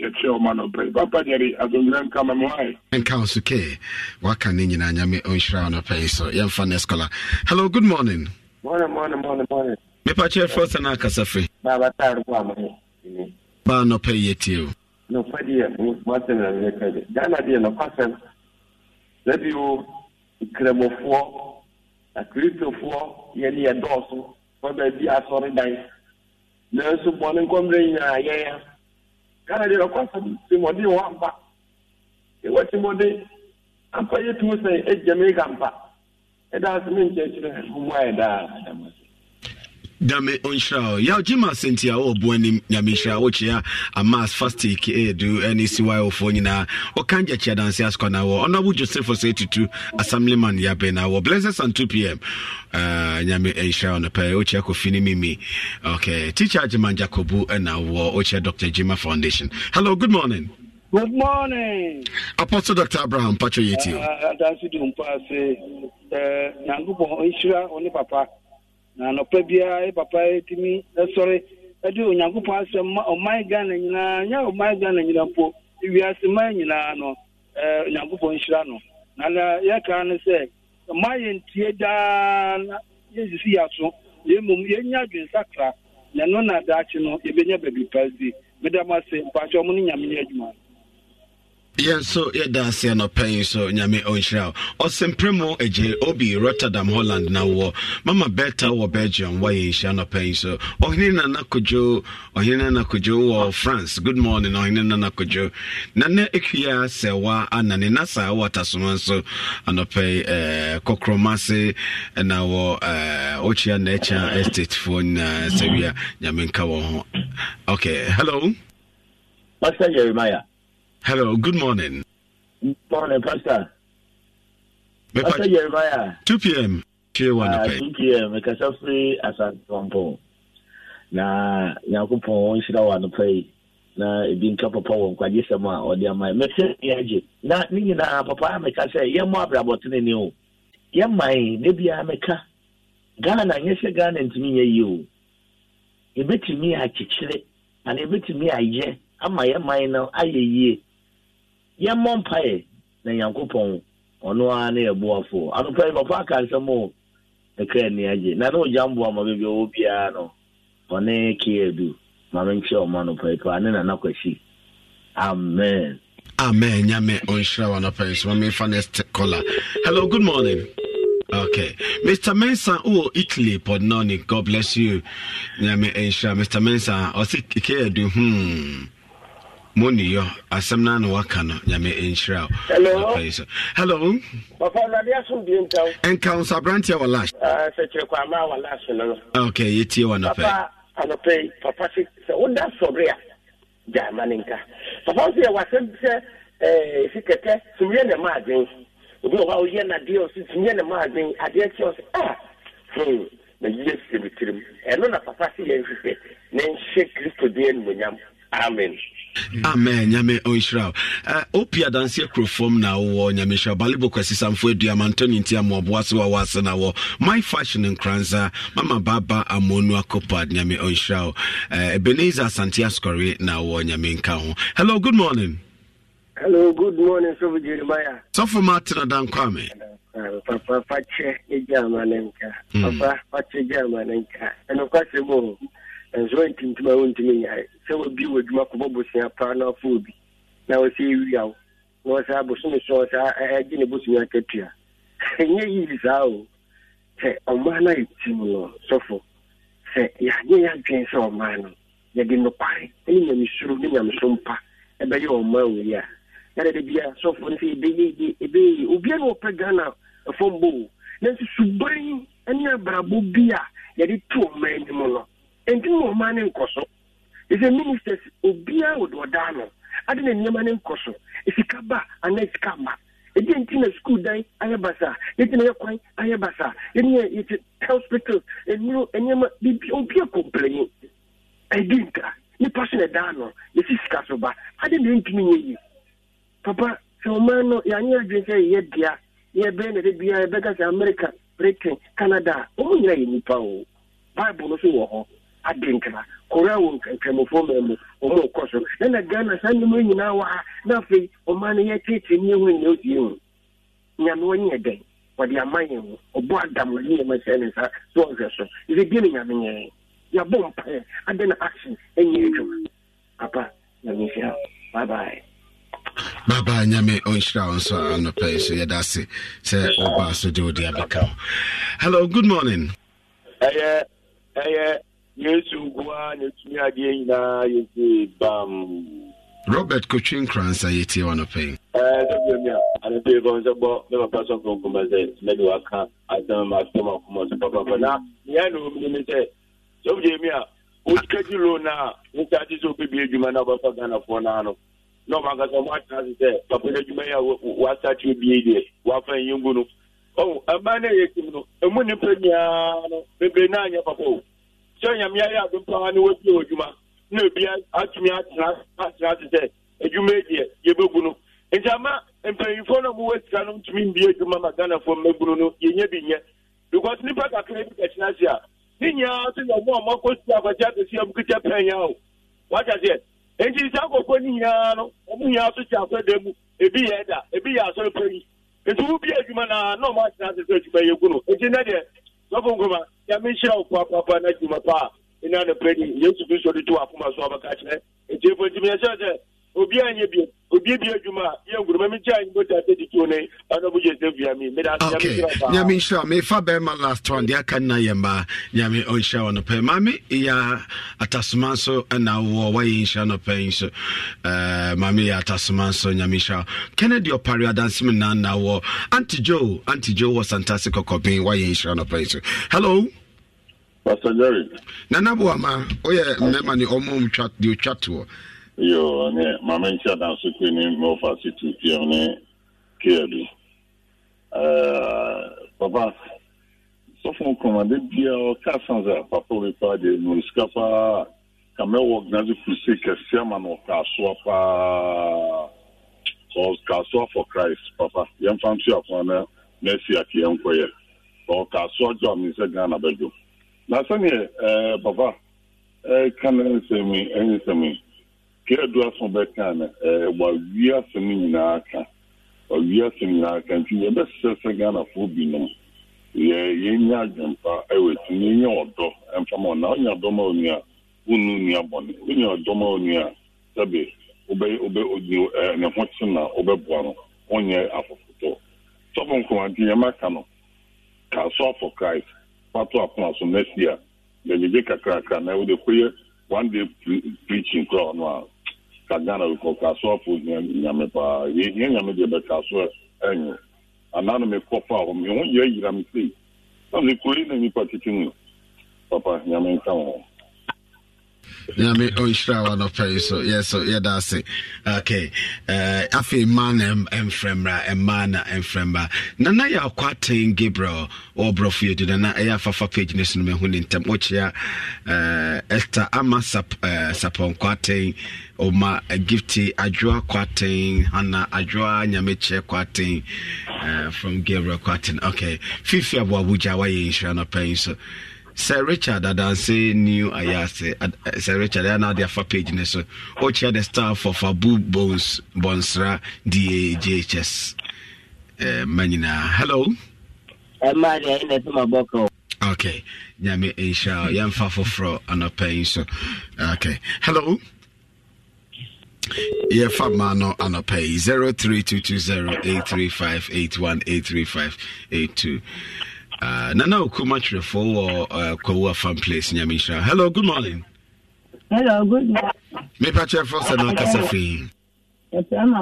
yɛkyerɛ ɔma no pɛ papa gyere asomdwira nka ma moae nka wo so kee waka ne nyinaa nyame ɔnhyira wo no pɛi so yɛmfa ne scola hello good morning morning morning morning morning mepa kyerɛ fɛ sɛ no akasa fɛ baba tare bo amane baa nɔpɛ yɛ tie o nɔpa na meka de ghana deɛ nɔkwasɛm sɛ akristofoɔ yɛne yɛdɔɔso fa baabi asɔredan nanso bɔne nkɔmmerɛ nyinaa yɛn a ghana deɛ ɔkɔsɛm timmɔden wɔ ampa ɛwɔ timmɔden e ampa yɛtumi sɛ ɛgyame ka mpa ɛda asɛm nkyɛkyerɛ ho mu ayɛ daa dame ɔnhyira o yaw gyima senti a wɔɔbo anim nyame nhyira wokyea amas fastic adu ne siwaofoɔ nyinaa ɔka ngya kyia danse asokɔ na wɔ ɔnabo josephus atutu assemblyman yabɛ na wɔ blessed and 2 pm uh, nyame nhyira no pɛ wokyea kofi no mimi okay teacher gyima njakobu na wɔ wokyea dr gyima foundation hello good morning Good morning. Apostle Dr. Abraham Pacho Yeti. Uh, that's it. Uh, Nyangubo, Ishira, Oni Papa na anɔpa biara yɛ e papa e tumi e sɔre de onyankopɔn asɛm ma ɔman ghana nyinaa nyɛ ɔman ghana nyinaa mpo wiase man nyinaa no onyankopɔn nhyira no na na yɛka no sɛ ma yɛntie daa na yɛsisi yɛ aso na mmom yɛnya adwensakra na ɛno na daakye no yɛbɛnya baabi pa di meda mo ase mpakyɛ ɔmo no nyame nyɛ adwuma no yɛn nso yɛda aseɛ nɔpɛ yi so, nyame ɔnhyira oh, o ɔsɛmpere mu agye obi rotterdam holland na wɔ mama bɛta wɔ belgium wayɛ nhyira nɔpɛ yi so, ɔhene nana kodwo ɔhene nana kodwo wɔ france good morning ɔhene nana kodwo na na ɛkuia sɛ wa anane na saa wɔ atasoma nso anɔpɛ yi ɛɛ kɔkorɔma ase eh, na wɔ ɛɛ okyia na ɛkya estate foɔ nyinaa sɛwia nyame nka wɔn ho okay hello. Pastor Jeremiah. Hello, good morning. Good morning, Pastor. Me Pastor pa- Jeremiah. 2 p.m. Chie ah, wana pe. 2 p.m. Mekasa free asante wampo. Na nyankopɔn nhyira wa anɔpa yi na ebi nka papa wɔ nkwagye sɛm a ɔde ama yi mɛsɛ yɛagye na ne nyinaa papa meka sɛ yɛmmɔ abrabɔtene ne o yɛmman da biara meka ghana nyɛ sɛ ghana ntumi nyɛ yie o yɛbɛtumi akyekyere anaa a ye, ama na no ayɛ yie yɛmmɔ mpaeɛ na nyankopɔn ɔno ara ne yɛboafoɔ anɔpa yi nɔpa aka nsɛm o ɛkra ani agye na ne ogya mboa ma baabi ɔwɔ biara no ɔne kea du ma menkyerɛ ɔma nɔpa yi paa ne nana amen amen nyame ɔnhyira wa nɔpa yi so ma memfa next caller hello good morning Okay. Mr. Mensah, oh, Italy, Podnoni, God bless you. Nyame, Mr. Mensah, I do. hmm moniyɔ asɛm no ana waka no nyame ɛnhyira woapayi so hello ɛnka wo sɛ aberanteɛ wɔ las ah, ok yɛtie wɔ nɔpɛ anɔpɛ papa se sɛ woda sɔre a gyaama ne nka papa nso yɛwɔ asɛm sɛ ɛsi kɛkɛ sumyɛ ne ma aden obi wɔ hɔ a woyɛ nadeɛ ɔso sumyɛ ne ma aden adeɛ kyɛ ɔ sɛ ah hmm, na yie sɛ me tirim ɛno na papa se yɛnhwehwɛ na nhyɛ kristo deɛ animonyam amen amen nyame ɔnhyira wo opi adanseɛ kurofam na wowɔ nyame hyɛ balebo kwasisamfo aduama antoni nti amoaboa se wawɔ ase na wɔ my fashion nkransa mama baba amonu akopad nyame ɔnhyira wo ebenezer asante askɔre na wɔ nyame nka ho hello good morning hello good morning sɔfo jeremiah sɔfo ma atena da nkɔ ame papa fakyɛ gya ama ne nka papa fakyɛ gya ama ne nka ɛnokwasɛm nsoro ntintim a wontumi nyae sɛ wabi wɔ adwuma kɔbɔ bosea paa na afa obi na wɔsɛ ɛwia wo na wɔsɛ abosome so ɔsɛ ɛgye ne bosome akatua ɛnyɛ yiri saa o sɛ ɔmaa no ayɛtim no sɔfo sɛ yɛanyɛ yɛadwen sɛ ɔmaa no yɛde nokware ne nyamesuro ne nyameso mpa ɛbɛyɛ ɔmaa wei a na dɛde bia sɔfo no sɛ ɛbɛyɛye ɛbɛyɛye obia na wɔpɛ ghana ɛfɔmbo o nanso suban ne abrabɔ bi a yɛde to ɔmaa anim no nti na ɔman ne nkɔ so ɛsɛ ministers obiara wɔ deɛ ɔdaa no ade na nneɛma ne nkɔ so sika ba anaa sika mma ɛdi nti na sukuu dan ayɛ basa yɛti na yɛ kwan ayɛ basa yɛni yɛ yɛti hospital nnuro nneɛma bibi obi akɔmplɛnyi ɛdi nta nipa so na ɛdaa no yɛsi sika so ba ade na ntumi nyɛ yie papa sɛ ɔman no yɛanyɛ adwene sɛ yɛyɛ dea yɛbɛn na de bia yɛbɛka sɛ america britain canada wɔn nyinaa yɛ nipa o bible no so wɔ hɔ. ade nke korea wɔ nkramofoɔ ma mu ɔmo kɔ so na na ghana saa nnoma nyinaa wɔ ha na afei ɔma no yɛtete ne yɛhu nyɛ odie ho nyame wɔnyɛ dɛn wɔde ama yɛn ho ɔbɔ adam wɔde yɛma sɛ ne nsa sɛ ɔhwɛ so ɛsɛ bie no nyame yɛ yɛabɔ mpaeɛ adɛ na action ɛnyɛ adwuma baba nyame ɔnhyira wo nso anɔpɛ so yɛda ase sɛ so de wode abɛka hello good morning ɛyɛ ɛyɛ yesu gua na etumi adeɛ nyinaa yɛsi bam robert kotwi nkransa yɛtie wɔ no pɛi sɛbiamia anapɛ bɔ sɛ bɔ me papa sɔ kronkoma sɛ mɛde waka asɛm masɛm akoma so papapa na nyɛ ne wɔmne me sɛ sɛbiamia mi a wokagyi loan a wosate sɛ wobɛbi adwuma na wobɛfa ghanafoɔ no ano na ɔmankasa mo atena se sɛ papa no adwuma yi a wasate obie deɛ wafa nyingu no ɛma no ɛyɛ tim no ɛmu nnipa nyinaa no bebree no anyɛ papa o sɛ nyame ya adompawa ne wabia adwuma na obi atumi atena atena te sɛ adwuma deɛ yɛbɛbu no nti ama mpanyinfoɔ no a mowɔ sika ntumi mbie adwuma ma ghanafoɔ mmabunu no yɛnyɛ bi nyɛ because nipa kakra bi kɛtena ase a ne nyinaa sɛ yɛ mo a moakɔ sukuu akɔkyɛ a mokita o nyinaa no nyinaa mu ebi yɛ ɛda ebi yɛ asɔre pɛ yi nti na ɔmo atena ase sɛ adwuma nyame nhyira wo papapa na adwuma pa a ɛna anɔpɛ ni yesu kristo de to wɔ akoma so abɛka kyerɛ ɛti mpo ntimi yɛhyɛ sɛ obi anyɛ bi obi bi adwuma a yɛ nkuruma mekyɛ anyimbo ta sɛ dikio ne ɔno bo gye sɛ via mi meda okay. nyame nhyira mefa bɛrima last one deɛ aka nna yɛ mmaa nyame ɔnhyira wɔ nɔpɛ maame yɛ atasoma nso ɛna wowɔ woayɛ nhyira nɔpɛ eh, nso maame yɛ atasoma nso nyame nhyira kennedy ɔpare adansem nna nna wɔ antijo antijo wɔ santase kɔkɔben woayɛ nhyira nɔpɛ nso hello pastor jerry. nana bu ama o yɛ mmarima ni ɔmo ntwa de otwa toɔ. yoo ne maame nkyɛn dan so kpe ne mmofa si tu pm ne kl eh, papa sɔfo nkɔmade bia ɔka san sɛ papa omi paa de mu sika paa kamɛwɔ gnadze kurusi kɛseɛ ma no ɔkaasoa paa ɔkaasoa for christ papa yɛmfa nto akoa na na asi ake yɛnkɔyɛ ɔkaasoa gyo a me sɛ ghana bɛdwo Eh, na sɛneɛ baba ka no nsɛm yi ɛnyɛ nsɛm yi kɛadu aso bɛkaa no wawie asɛm nyinaa ka wawie asɛm nyinaa ka nti yɛbɛsɛ sɛ ghanafoɔ binom yɛ yɛnya adwempa ɛwɔ eh, ti yɛnya ɔdɔ eh, a wonnu nua bɔne wonya ɔdɔ a sɛbe wobɛyɛ wobɛ ne ho na no nti ka for kraist. pato apono so next year yɛgyegye kakrakra na wode koyɛ one day preaching kora ɔno a ka ghana wekɔka asɔfo hia nyame paa yɛhia nyame deɛ bɛka so ɛnwo anaa no mekɔfa hɔ meho yɛ yira me sei na mekɔyi na nnipa tete mu papa nyame nka wɔ nyame ɔnhyira wa nɔpɛ yi so yɛ so yɛda ase okay uh, afei mmaa na ɛmfrɛ mmra mmaa na ɛmfrɛ mmra nana yɛ ɔkɔ aten gabriel ɔbrɔfo yɛdu nana ɛyɛ afafa page ne so no mahu ne ntam wokyea uh, ama sap, uh, sapɔnkɔ aten ɔma uh, gifty adwoa kwaten ana adwoa nyamekyɛ kwaten uh, from gabriel kwaten okay fifi aboabogya wayɛ nhyira nɔpɛ yi so sir richard adanse new ayase sir richard ɛyɛ n'ade afa page ne so ɔkyerɛ the staff of abu bons bonsra dhs ɛɛ eh, mma nyinaa hello. ɛmaa eh, deɛ ɛyɛ na ɛtum abɔkɔ. okay nyame nhyira yɛmfa foforɔ anɔpa yi so okay hello yɛfa ma no anɔpa yi 032208358183582 Nana eh, Okuma Trefo or uh, eh, Kwawa Place, Nyamisha. Hello, good morning. Hello, good morning. Me pa Trefo Sana Kasafi. Yes, I'm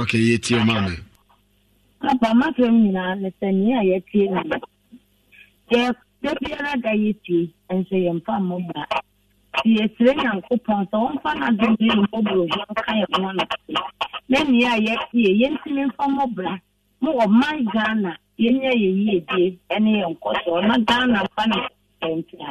Okay, you too, mommy. Papa, my family now, listen, yeah, you too. Yes, the Piana Dayeti, and say, I'm far more back. yɛsrɛ nyankopɔn sɛ wɔmfa n'adom ne mmɔborɔ ho nka yɛ ho no na nea a yɛtie yɛntumi mfa mmɔbra ma ɔman ghana yɛnya yɛ yiedie ɛne yɛ nkɔsɔɔ na ghana mpa ne nti a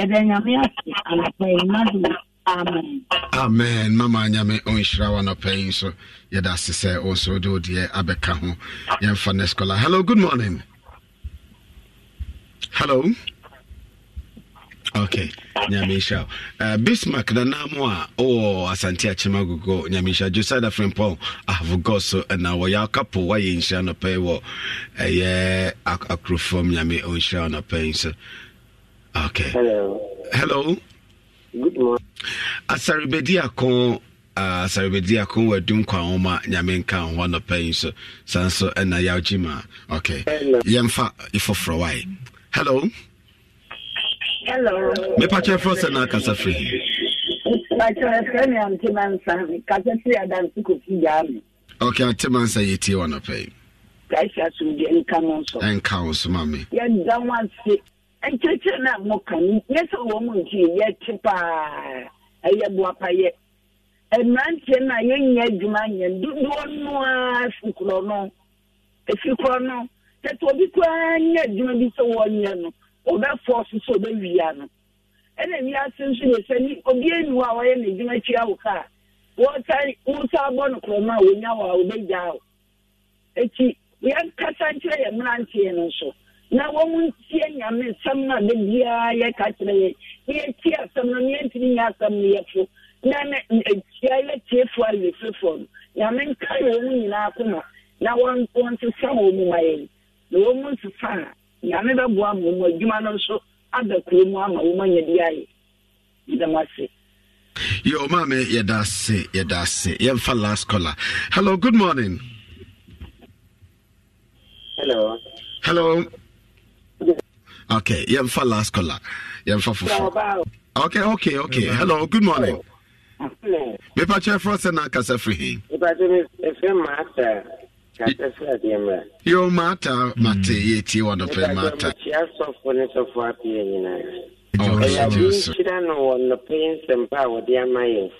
yɛda nyame ase anapa yi mmado e amen amen mama nyame ɔnhyira wo anɔpa yi nso yɛda ase sɛ wo nso wode wo deɛ abɛka ho yɛmfa ne skola hello good morning hello okay nyamesha uh, bismark na nam a ɔwɔ asante akyema agogo nyamesha josada frimpon ahvogo so ɛna wɔyɛ akapo wayɛ nhyira nɔpɛi wɔ ɛyɛ akorofam nyame ɔnhyira nɔpɛi so Ok. hello, hello. good morning asarebedi ako uh, asarebedi ako wɔ adum kwan woma nyame nka ho anɔpɛi so saa nso ɛna yɛwgye ma okay yɛmfa ifoforɔ wae hello, hello? Hello. Me pa kyerɛ fɔ sɛ na akasa firi. Pakyerɛ fɛ mi ante mansa kasa firi adansi ko fi gya mi. Ok ante mansa yɛ tie wɔn apɛ yi. Kaisa sumdiɛ nka mo nso. Nka o so maame. Yɛ da wɔn ase nkyɛnkyɛn na mo ka ni yɛ sɛ wɔn mu nti yɛ ti paa ɛyɛ bu apayɛ. Mmeranteɛ na yɛnyɛ adwuma nyɛ dodoɔ noa fi korɔ no efi korɔ no tɛtɛ obi koraa nyɛ adwuma bi sɛ wɔnyɛ no ɔbɛfɔ soso ɔbɛwia no ɛna ni ase nso yɛ sɛ ni obi enu a ɔyɛ ne dwuma tia wo kaa wɔta wɔta abɔ no koroma a wonya wɔ a ɔbɛgya wo eti yɛnkasa nkyerɛ yɛ mmeranteɛ no nso na wɔn ntie nyame nsɛm na bebiara yɛka kyerɛ yɛ na yɛtie asɛm no na yɛntumi nyɛ asɛm no yɛfo na na etia yɛtiefo a yɛfefo no nyame nka wɔn nyinaa koma na wɔn wɔn nsesa wɔn mu ma yɛn na wɔn nsesa a nyame bɛboa ma wɔn adwuma no nso aba kurom ama wɔn anya bi ayɛ yɛda mo ase. yɛ ɔma me yɛda ase yɛda ase yɛmfa last caller hello good morning hello hello okay yɛmfa last caller yɛmfa fofo okay okay okay yeah. hello good morning mepa kyerɛ frɔ sɛ na akasa firi he mepa kyerɛ mefrɛ yo maata mate yɛtie wɔnɔpɛ maatahyira no wɔ nnɔpɛ nsɛmpa a wɔde ama yɛ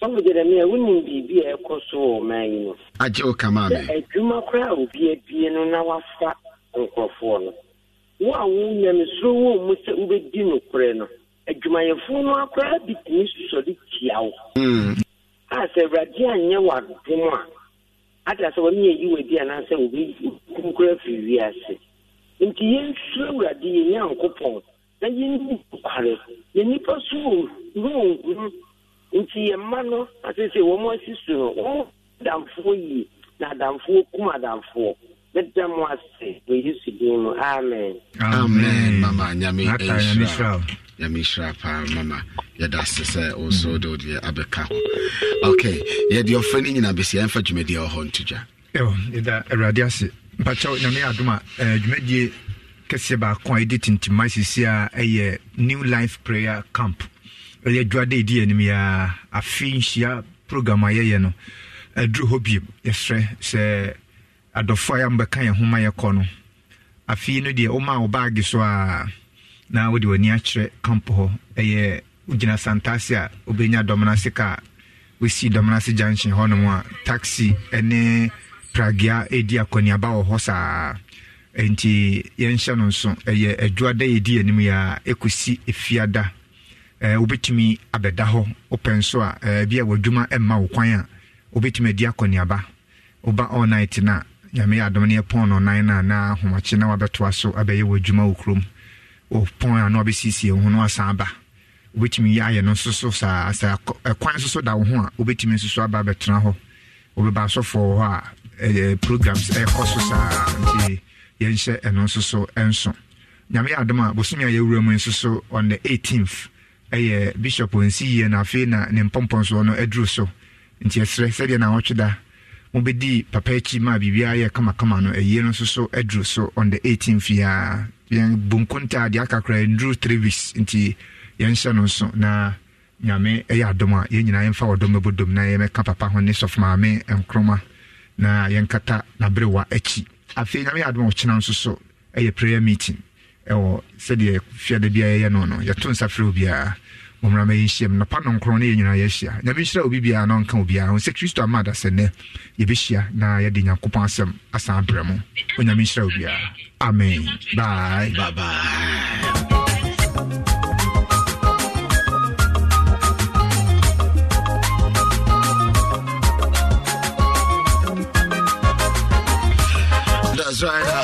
sɔfo gye dɛme a wonim biribi a ɛkɔ so wɔ ɔma yi no agye wo kama me adwuma koraa a obi abie no na wafa nkurɔfoɔ no wo a wo nyamesuro wɔ mu sɛ wobɛdi nokorɛ no adwumayɛfoɔ no akoraa bi tumi susɔre tia wo a sɛ awurade anyɛ w'adom a ate asɛ wɔn yɛ yiwɔ di anaasɛ obi kunkura firi wiase nti yɛn firi awurade yɛn nyɛ nkopɔn na yɛn ni kware yɛn nipa so wɔ nwura nkuru nti yɛn mma no asese wɔn asi so no wɔn adamfoɔ yie na adamfoɔ kum adamfoɔ deda mu ase wɔ yesu din mu amen amen mama nyame ɛnhyira nyame nhyira paa mama yɛda se sɛ wo so de wodeɛ abɛka ho ok yɛde ɔfrɛ no nyina bɛsi yɛmfa dwumadie wɔ hɔ nto gya yɛda awurade ase mpakyɛw nyame adom a dwumadie kɛseɛ baako a yɛde tintima sisi a ɛyɛ new life prayer camp ɛyɛ dwade ɛdi anim yɛa afe nhyia program a yɛyɛ no aduru hɔ bio yɛsrɛ sɛ adɔfo a yɛmbɛka yɛn ho ma yɛkɔ no afi no deɛ woma wo baage so a na wode w'ani akyerɛ camp hɔ ɛyɛ wogyina santase a wobɛnya dɔmena ase wɔsi dɔmena junction hɔ nom a taxi ne pragea ɛdi akɔneaba wɔ hɔ saa nti yɛnhyɛ no nso ɛyɛ adwuada yɛdi anim yɛ a ɛkɔsi efiada wobɛtumi abɛda hɔ wopɛ nso a bia w'adwuma mma wo kwan a wobɛtumi adi akɔneaba woba all night no nyame adom ne yɛpɔn no ɔnan na anaa ahomakye na wabɛtoa so abɛyɛ wɔ adwuma wɔ kurom ɔpɔn a na wabɛsiesie ho no asan aba wobɛtumi yɛ ayɛ no nso so saa sɛ ɛkwan nso so da wo ho a wobɛtumi nso so aba abɛtena hɔ wobɛba asɔfoɔ hɔ a programs ɛkɔ so saa nti yɛnhyɛ ɛno nso so ɛnso nyame adom a bosome a yɛwura mu nso so on the 18th ɛyɛ bishop nsiyie na afei na ne mpɔmpɔnsoɔ no aduru so nti ɛserɛ sɛdeɛ na wɔtwe da mobɛdi papa akyi ma biribiaa yɛ kamakama no ayie no nso so aduru so on the 18 fiaa yɛn bonkontaa deɛ aka kora nduru 3 weeks nti yɛnhyɛ no nso na nyame ɛyɛ adom a yɛn nyinaa yɛmfa wɔdɔm bɛbɔdɔm na yɛmɛka papa ho ne sɔfomaame nkroma na yɛnkata naberewa akyi afei nyame yɛ adom a ɔkyena nso so ɛyɛ prayer meeting ɛwɔ sɛdeɛ fiada biaa yɛyɛ no no yɛto nsa frɛ obiara ɔmmrama yɛhyiam nɔpa nɔnkorɔ no yɛ nyinaa yɛahyia nyame nhyira obi biara na ɔnka obiara ho sɛ kristo ama adasɛnnɛ yɛbɛhyia na yɛde nyankopɔn asɛm asan abrɛ mu onyame nhyira obiara amen bye, bye, bye. That's right.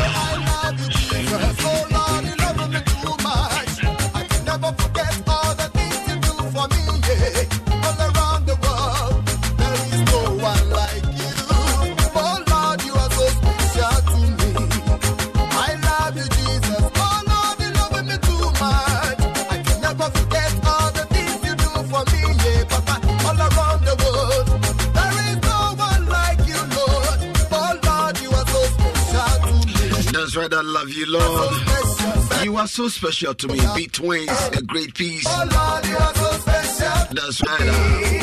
said, I love you, Lord. you are so special to me. Be twins, a great piece. Oh, Lord, so That's right.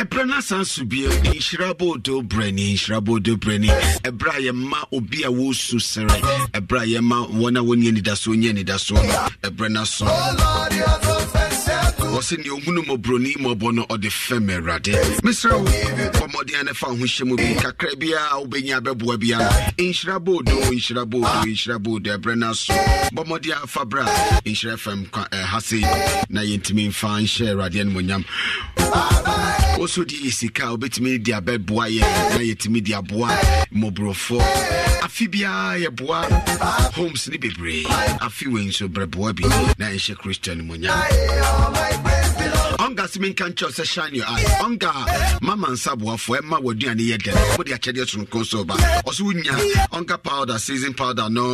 ɛberɛ no asan so bio nhyira boodo brɛni nhyira boodo brɛni ɛberɛ a yɛma obi a wɔsu serɛ ɛberɛ a yɛma wɔn a wɔnyɛ nidasoɔ nyɛ nidasoɔ no ɛberɛ no so wɔsɛ deɛ ɔhu no mmɔbɔ no ɔde fɛm awurade mesrɛ wo bɔmmɔden a ne fa ho hyɛ mu bi kakra biaa wobɛnya bɛboa bia no nhyira boodo nhyira boodo nhyira boodo ɛberɛ no so bɔmmɔden a fa berɛ a nhyira fam eh, ha sei na yɛntumi mfa nhyɛ awurade animonyam wɔso de yɛ sika a wobɛtumi de abɛboa yɛ na yɛtumi de aboa mmɔborɔfoɔ afe biara yɛboa homes ne bebree afe wei nso brɛboa bi na ɛnhyɛ kristo animonyam ɔnga simi nka nkyɛw sɛ shine your eye ɔnga mama nsa boafoɔ ɛma wɔaduane yɛ dɛn wode akyɛdeɛ soronko so ba ɔso wonya ɔnka powder season powder no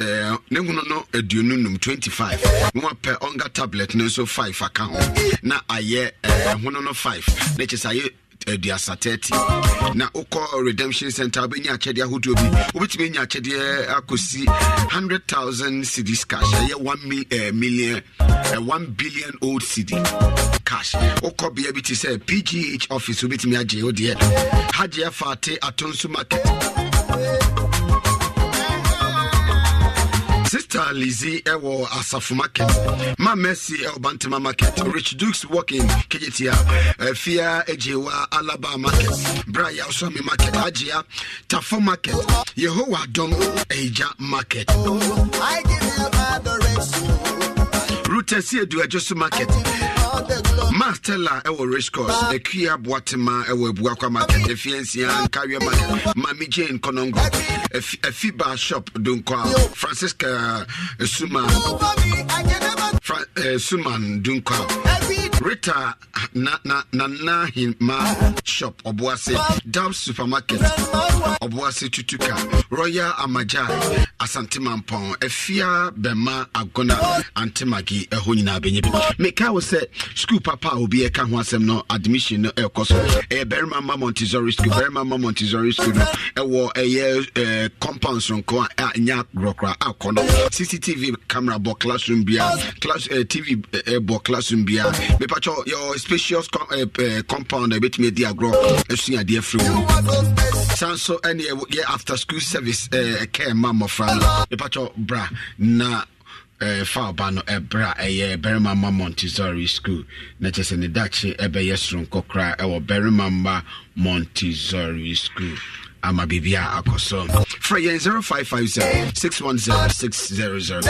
eh, ne hunu no aduonu num 25 moma pɛ ɔnga tablet no nso 5 aka ho na ayɛ hunu eh, no five. na kyɛ sɛ ayɛ aduasa 30 na wokɔ redemption center wobɛnya akyɛdeɛ ahodoɔ bi wobɛtumi anya akyɛdeɛ akɔsi 100000 cds cash ɛyɛ 1 uh, eh, million uh, eh, 1 billion old cd cash wokɔ bea bi te sɛ pgh office wobɛtumi agye wo deɛ hagye afate atonso market sister Lizzie Ewo eh, Asafu Market, Ma Mercy El eh, Bantama Market, Rich Dukes Walking, KGTR, eh, Fia Ejewa Alaba Market, Braya Osami Market, Ajia, Tafo Market, Yehowa Dom Eja Market. I give you adoration. Route Siedu Ajosu Market mastela ɛwɔ eh, race course akua ah. boatema ɛwɔ eh, abuakwa market afiansia ah. eh, nkawe market ah. mami jane kɔnɔngo afiba shop donkɔ a suma Eh, suman dunkwa rita nanahima shop ɔboase dab supermarket ɔboase tutuka royal amajai asantemampɔn afia bɛma agona antemagi ɛhɔ nyinaa meka wo sɛ skul papa a obi ɛka ho no admission no ɛkɔ so ɛyɛ eh, barima montessori school barima montessori school no ɛwɔ ɛyɛ eh, compound sonko a ɛnyɛ agorɔ cctv camera bɔ classroom bia classroom class uh, eh, tv bo uh, eh, eh, classroom bia mepakyɛ yɛwɔ spacious com, uh, uh, compound a ɛbɛtumi adi agorɔ asuadeɛ firi wo san so ɛne yɛ after school service uh, care ma mmɔfra no mepakyɛ bra na Uh, fa ɔba no ɛbrɛ a ɛyɛ barima mma montessori school na kyɛ sɛ ne dakye ɛbɛyɛ soronko koraa ɛwɔ barima mma montessori school ama biribi a akɔ so frɛ yɛn 0550 610600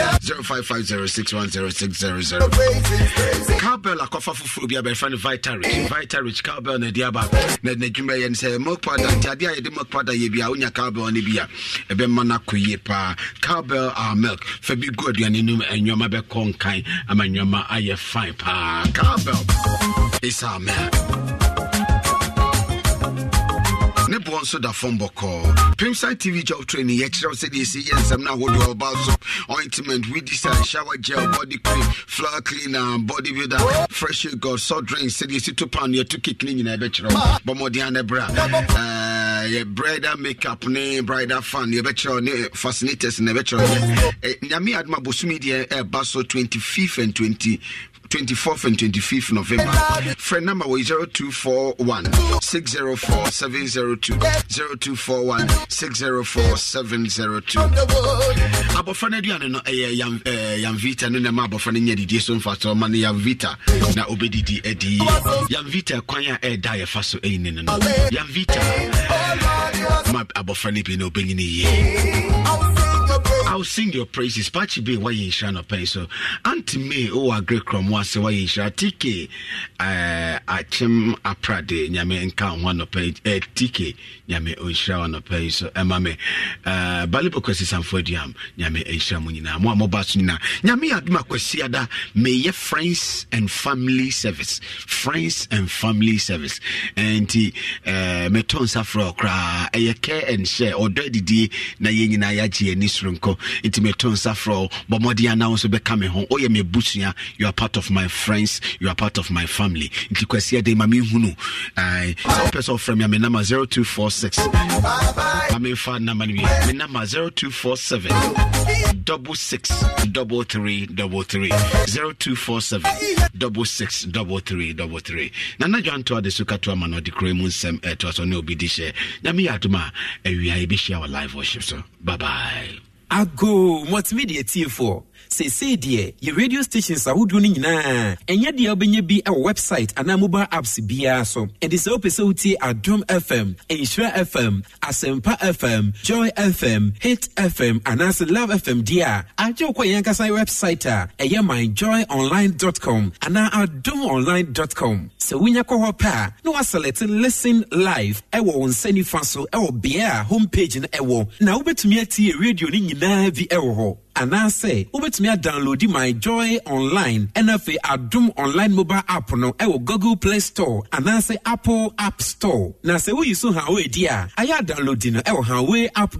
cowbell akɔfa foforɔ bi a bɛfrɛ no vitarich vitarich cowbell na ɛdi aba na n'adwuma yɛ no sɛ milk powder nti adeɛ a yɛde milk powder yɛ bi a wonya cowbell no bi a ɛbɛma no akɔ yie paa cowbell our milk fa bi gu aduane nom nnwoma bɛkɔ nkan ama nnwoma ayɛ fine paa cowbell is our milk wɔn nso da fam bɔkɔɔ pimside tv job training yɛkyerɛw sɛdeɛ ɛsi yɛ nsɛm no ahodoɔ ɔba so ointment wedeside shower gel body cream flower cleaner body builder fresh god salt drink sɛdeɛ ɛsi to pan yɛto cake ne nyinaa yɛbɛkyerɛw eh, bɔmmɔden anɛ berɛ yɛ bridal makeup ne bridal fan yɛbɛkyerɛ ne fascinators na yɛbɛkyerɛ yɛ eh, nyame adoma bosome deɛ ɛba so 25 and 20 24th and 25th November. Friend number was 0241 604 702 0241 604 702. Abofra no aduane no ɛyɛ Yamvita eh, no na ma abofra no nya didie so mfa so ɔma no Yamvita na obɛdidi adi. Yamvita kwan a ɛda yɛfa so ɛyi ne no no. Yamvita ma abofra no bi na obɛnyini yie. will sing your praises be why you wayɛ nhyira nɔpɛn so Auntie me, oh, a great agre krɔmo why you nhyira Tiki, uh, akyem aprade nyame nka ho anɔpɛn eh, tk nyame ɔnhyira w anɔpɛn so ɛma eh, me uh, balibɔkwasi samfo aduam nyame ɛnhyira mu nyinaa mo a mɔba nyame yɛ adom akwasi ada meyɛ friends and family service friends and family service nti uh, metɔ nsa frɛ koraa ɛyɛ eh, care and share ɔdɔ adidie na yɛ nyinaa yɛagye eh, ani soro nkɔ nti meto nsa frɛ bɔ mmɔden ana wo nso bɛka me ho me abusua you are part of my friends you are part of my family nti kwasiɛ den ma menhunu sɛ wopɛ sɛ wofrɛ me a me nama 0246 ma memfa nnama no wie me nama 0247 double six double three double three zero two four seven double six double three double three nana dwantoa de so katoa ma no ɔde kura mu nsɛm eh, ɛtoa so ne obi di hyɛ nyame e adom a awia yɛbɛhyia wɔ live worship so bye bye ago multimedia tiefoɔ seesei deɛ yɛ radio stations ahodoɔ no nyinaa ɛnyɛ deɛ wobɛnya bi wɔ website anaa mobile apps biara so ɛde sɛ wopɛ sɛ wotie adom fm nhyira fm asɛmpa fm joy fm hit fm anaasɛ love fm deɛ a agye wokɔ yɛn ankasa website a ɛyɛ myjoyonline.com anaa adomonline.com sɛ wonya kɔ hɔ pɛ a na waselɛte listen live ɛwɔ wo nsa nifa so ɛwɔ bea a home page no ɛwɔ na wobɛtumi atie radio no nyinaa bi ɛwɔ hɔ anaasɛ wobɛtumi adownloadi my joy online ɛna afei adom online mobile app no ɛwɔ google play store anaasɛ apple app store na sɛ woyi so hawei di a ayɛ adownloadi no ɛwɔ hawei app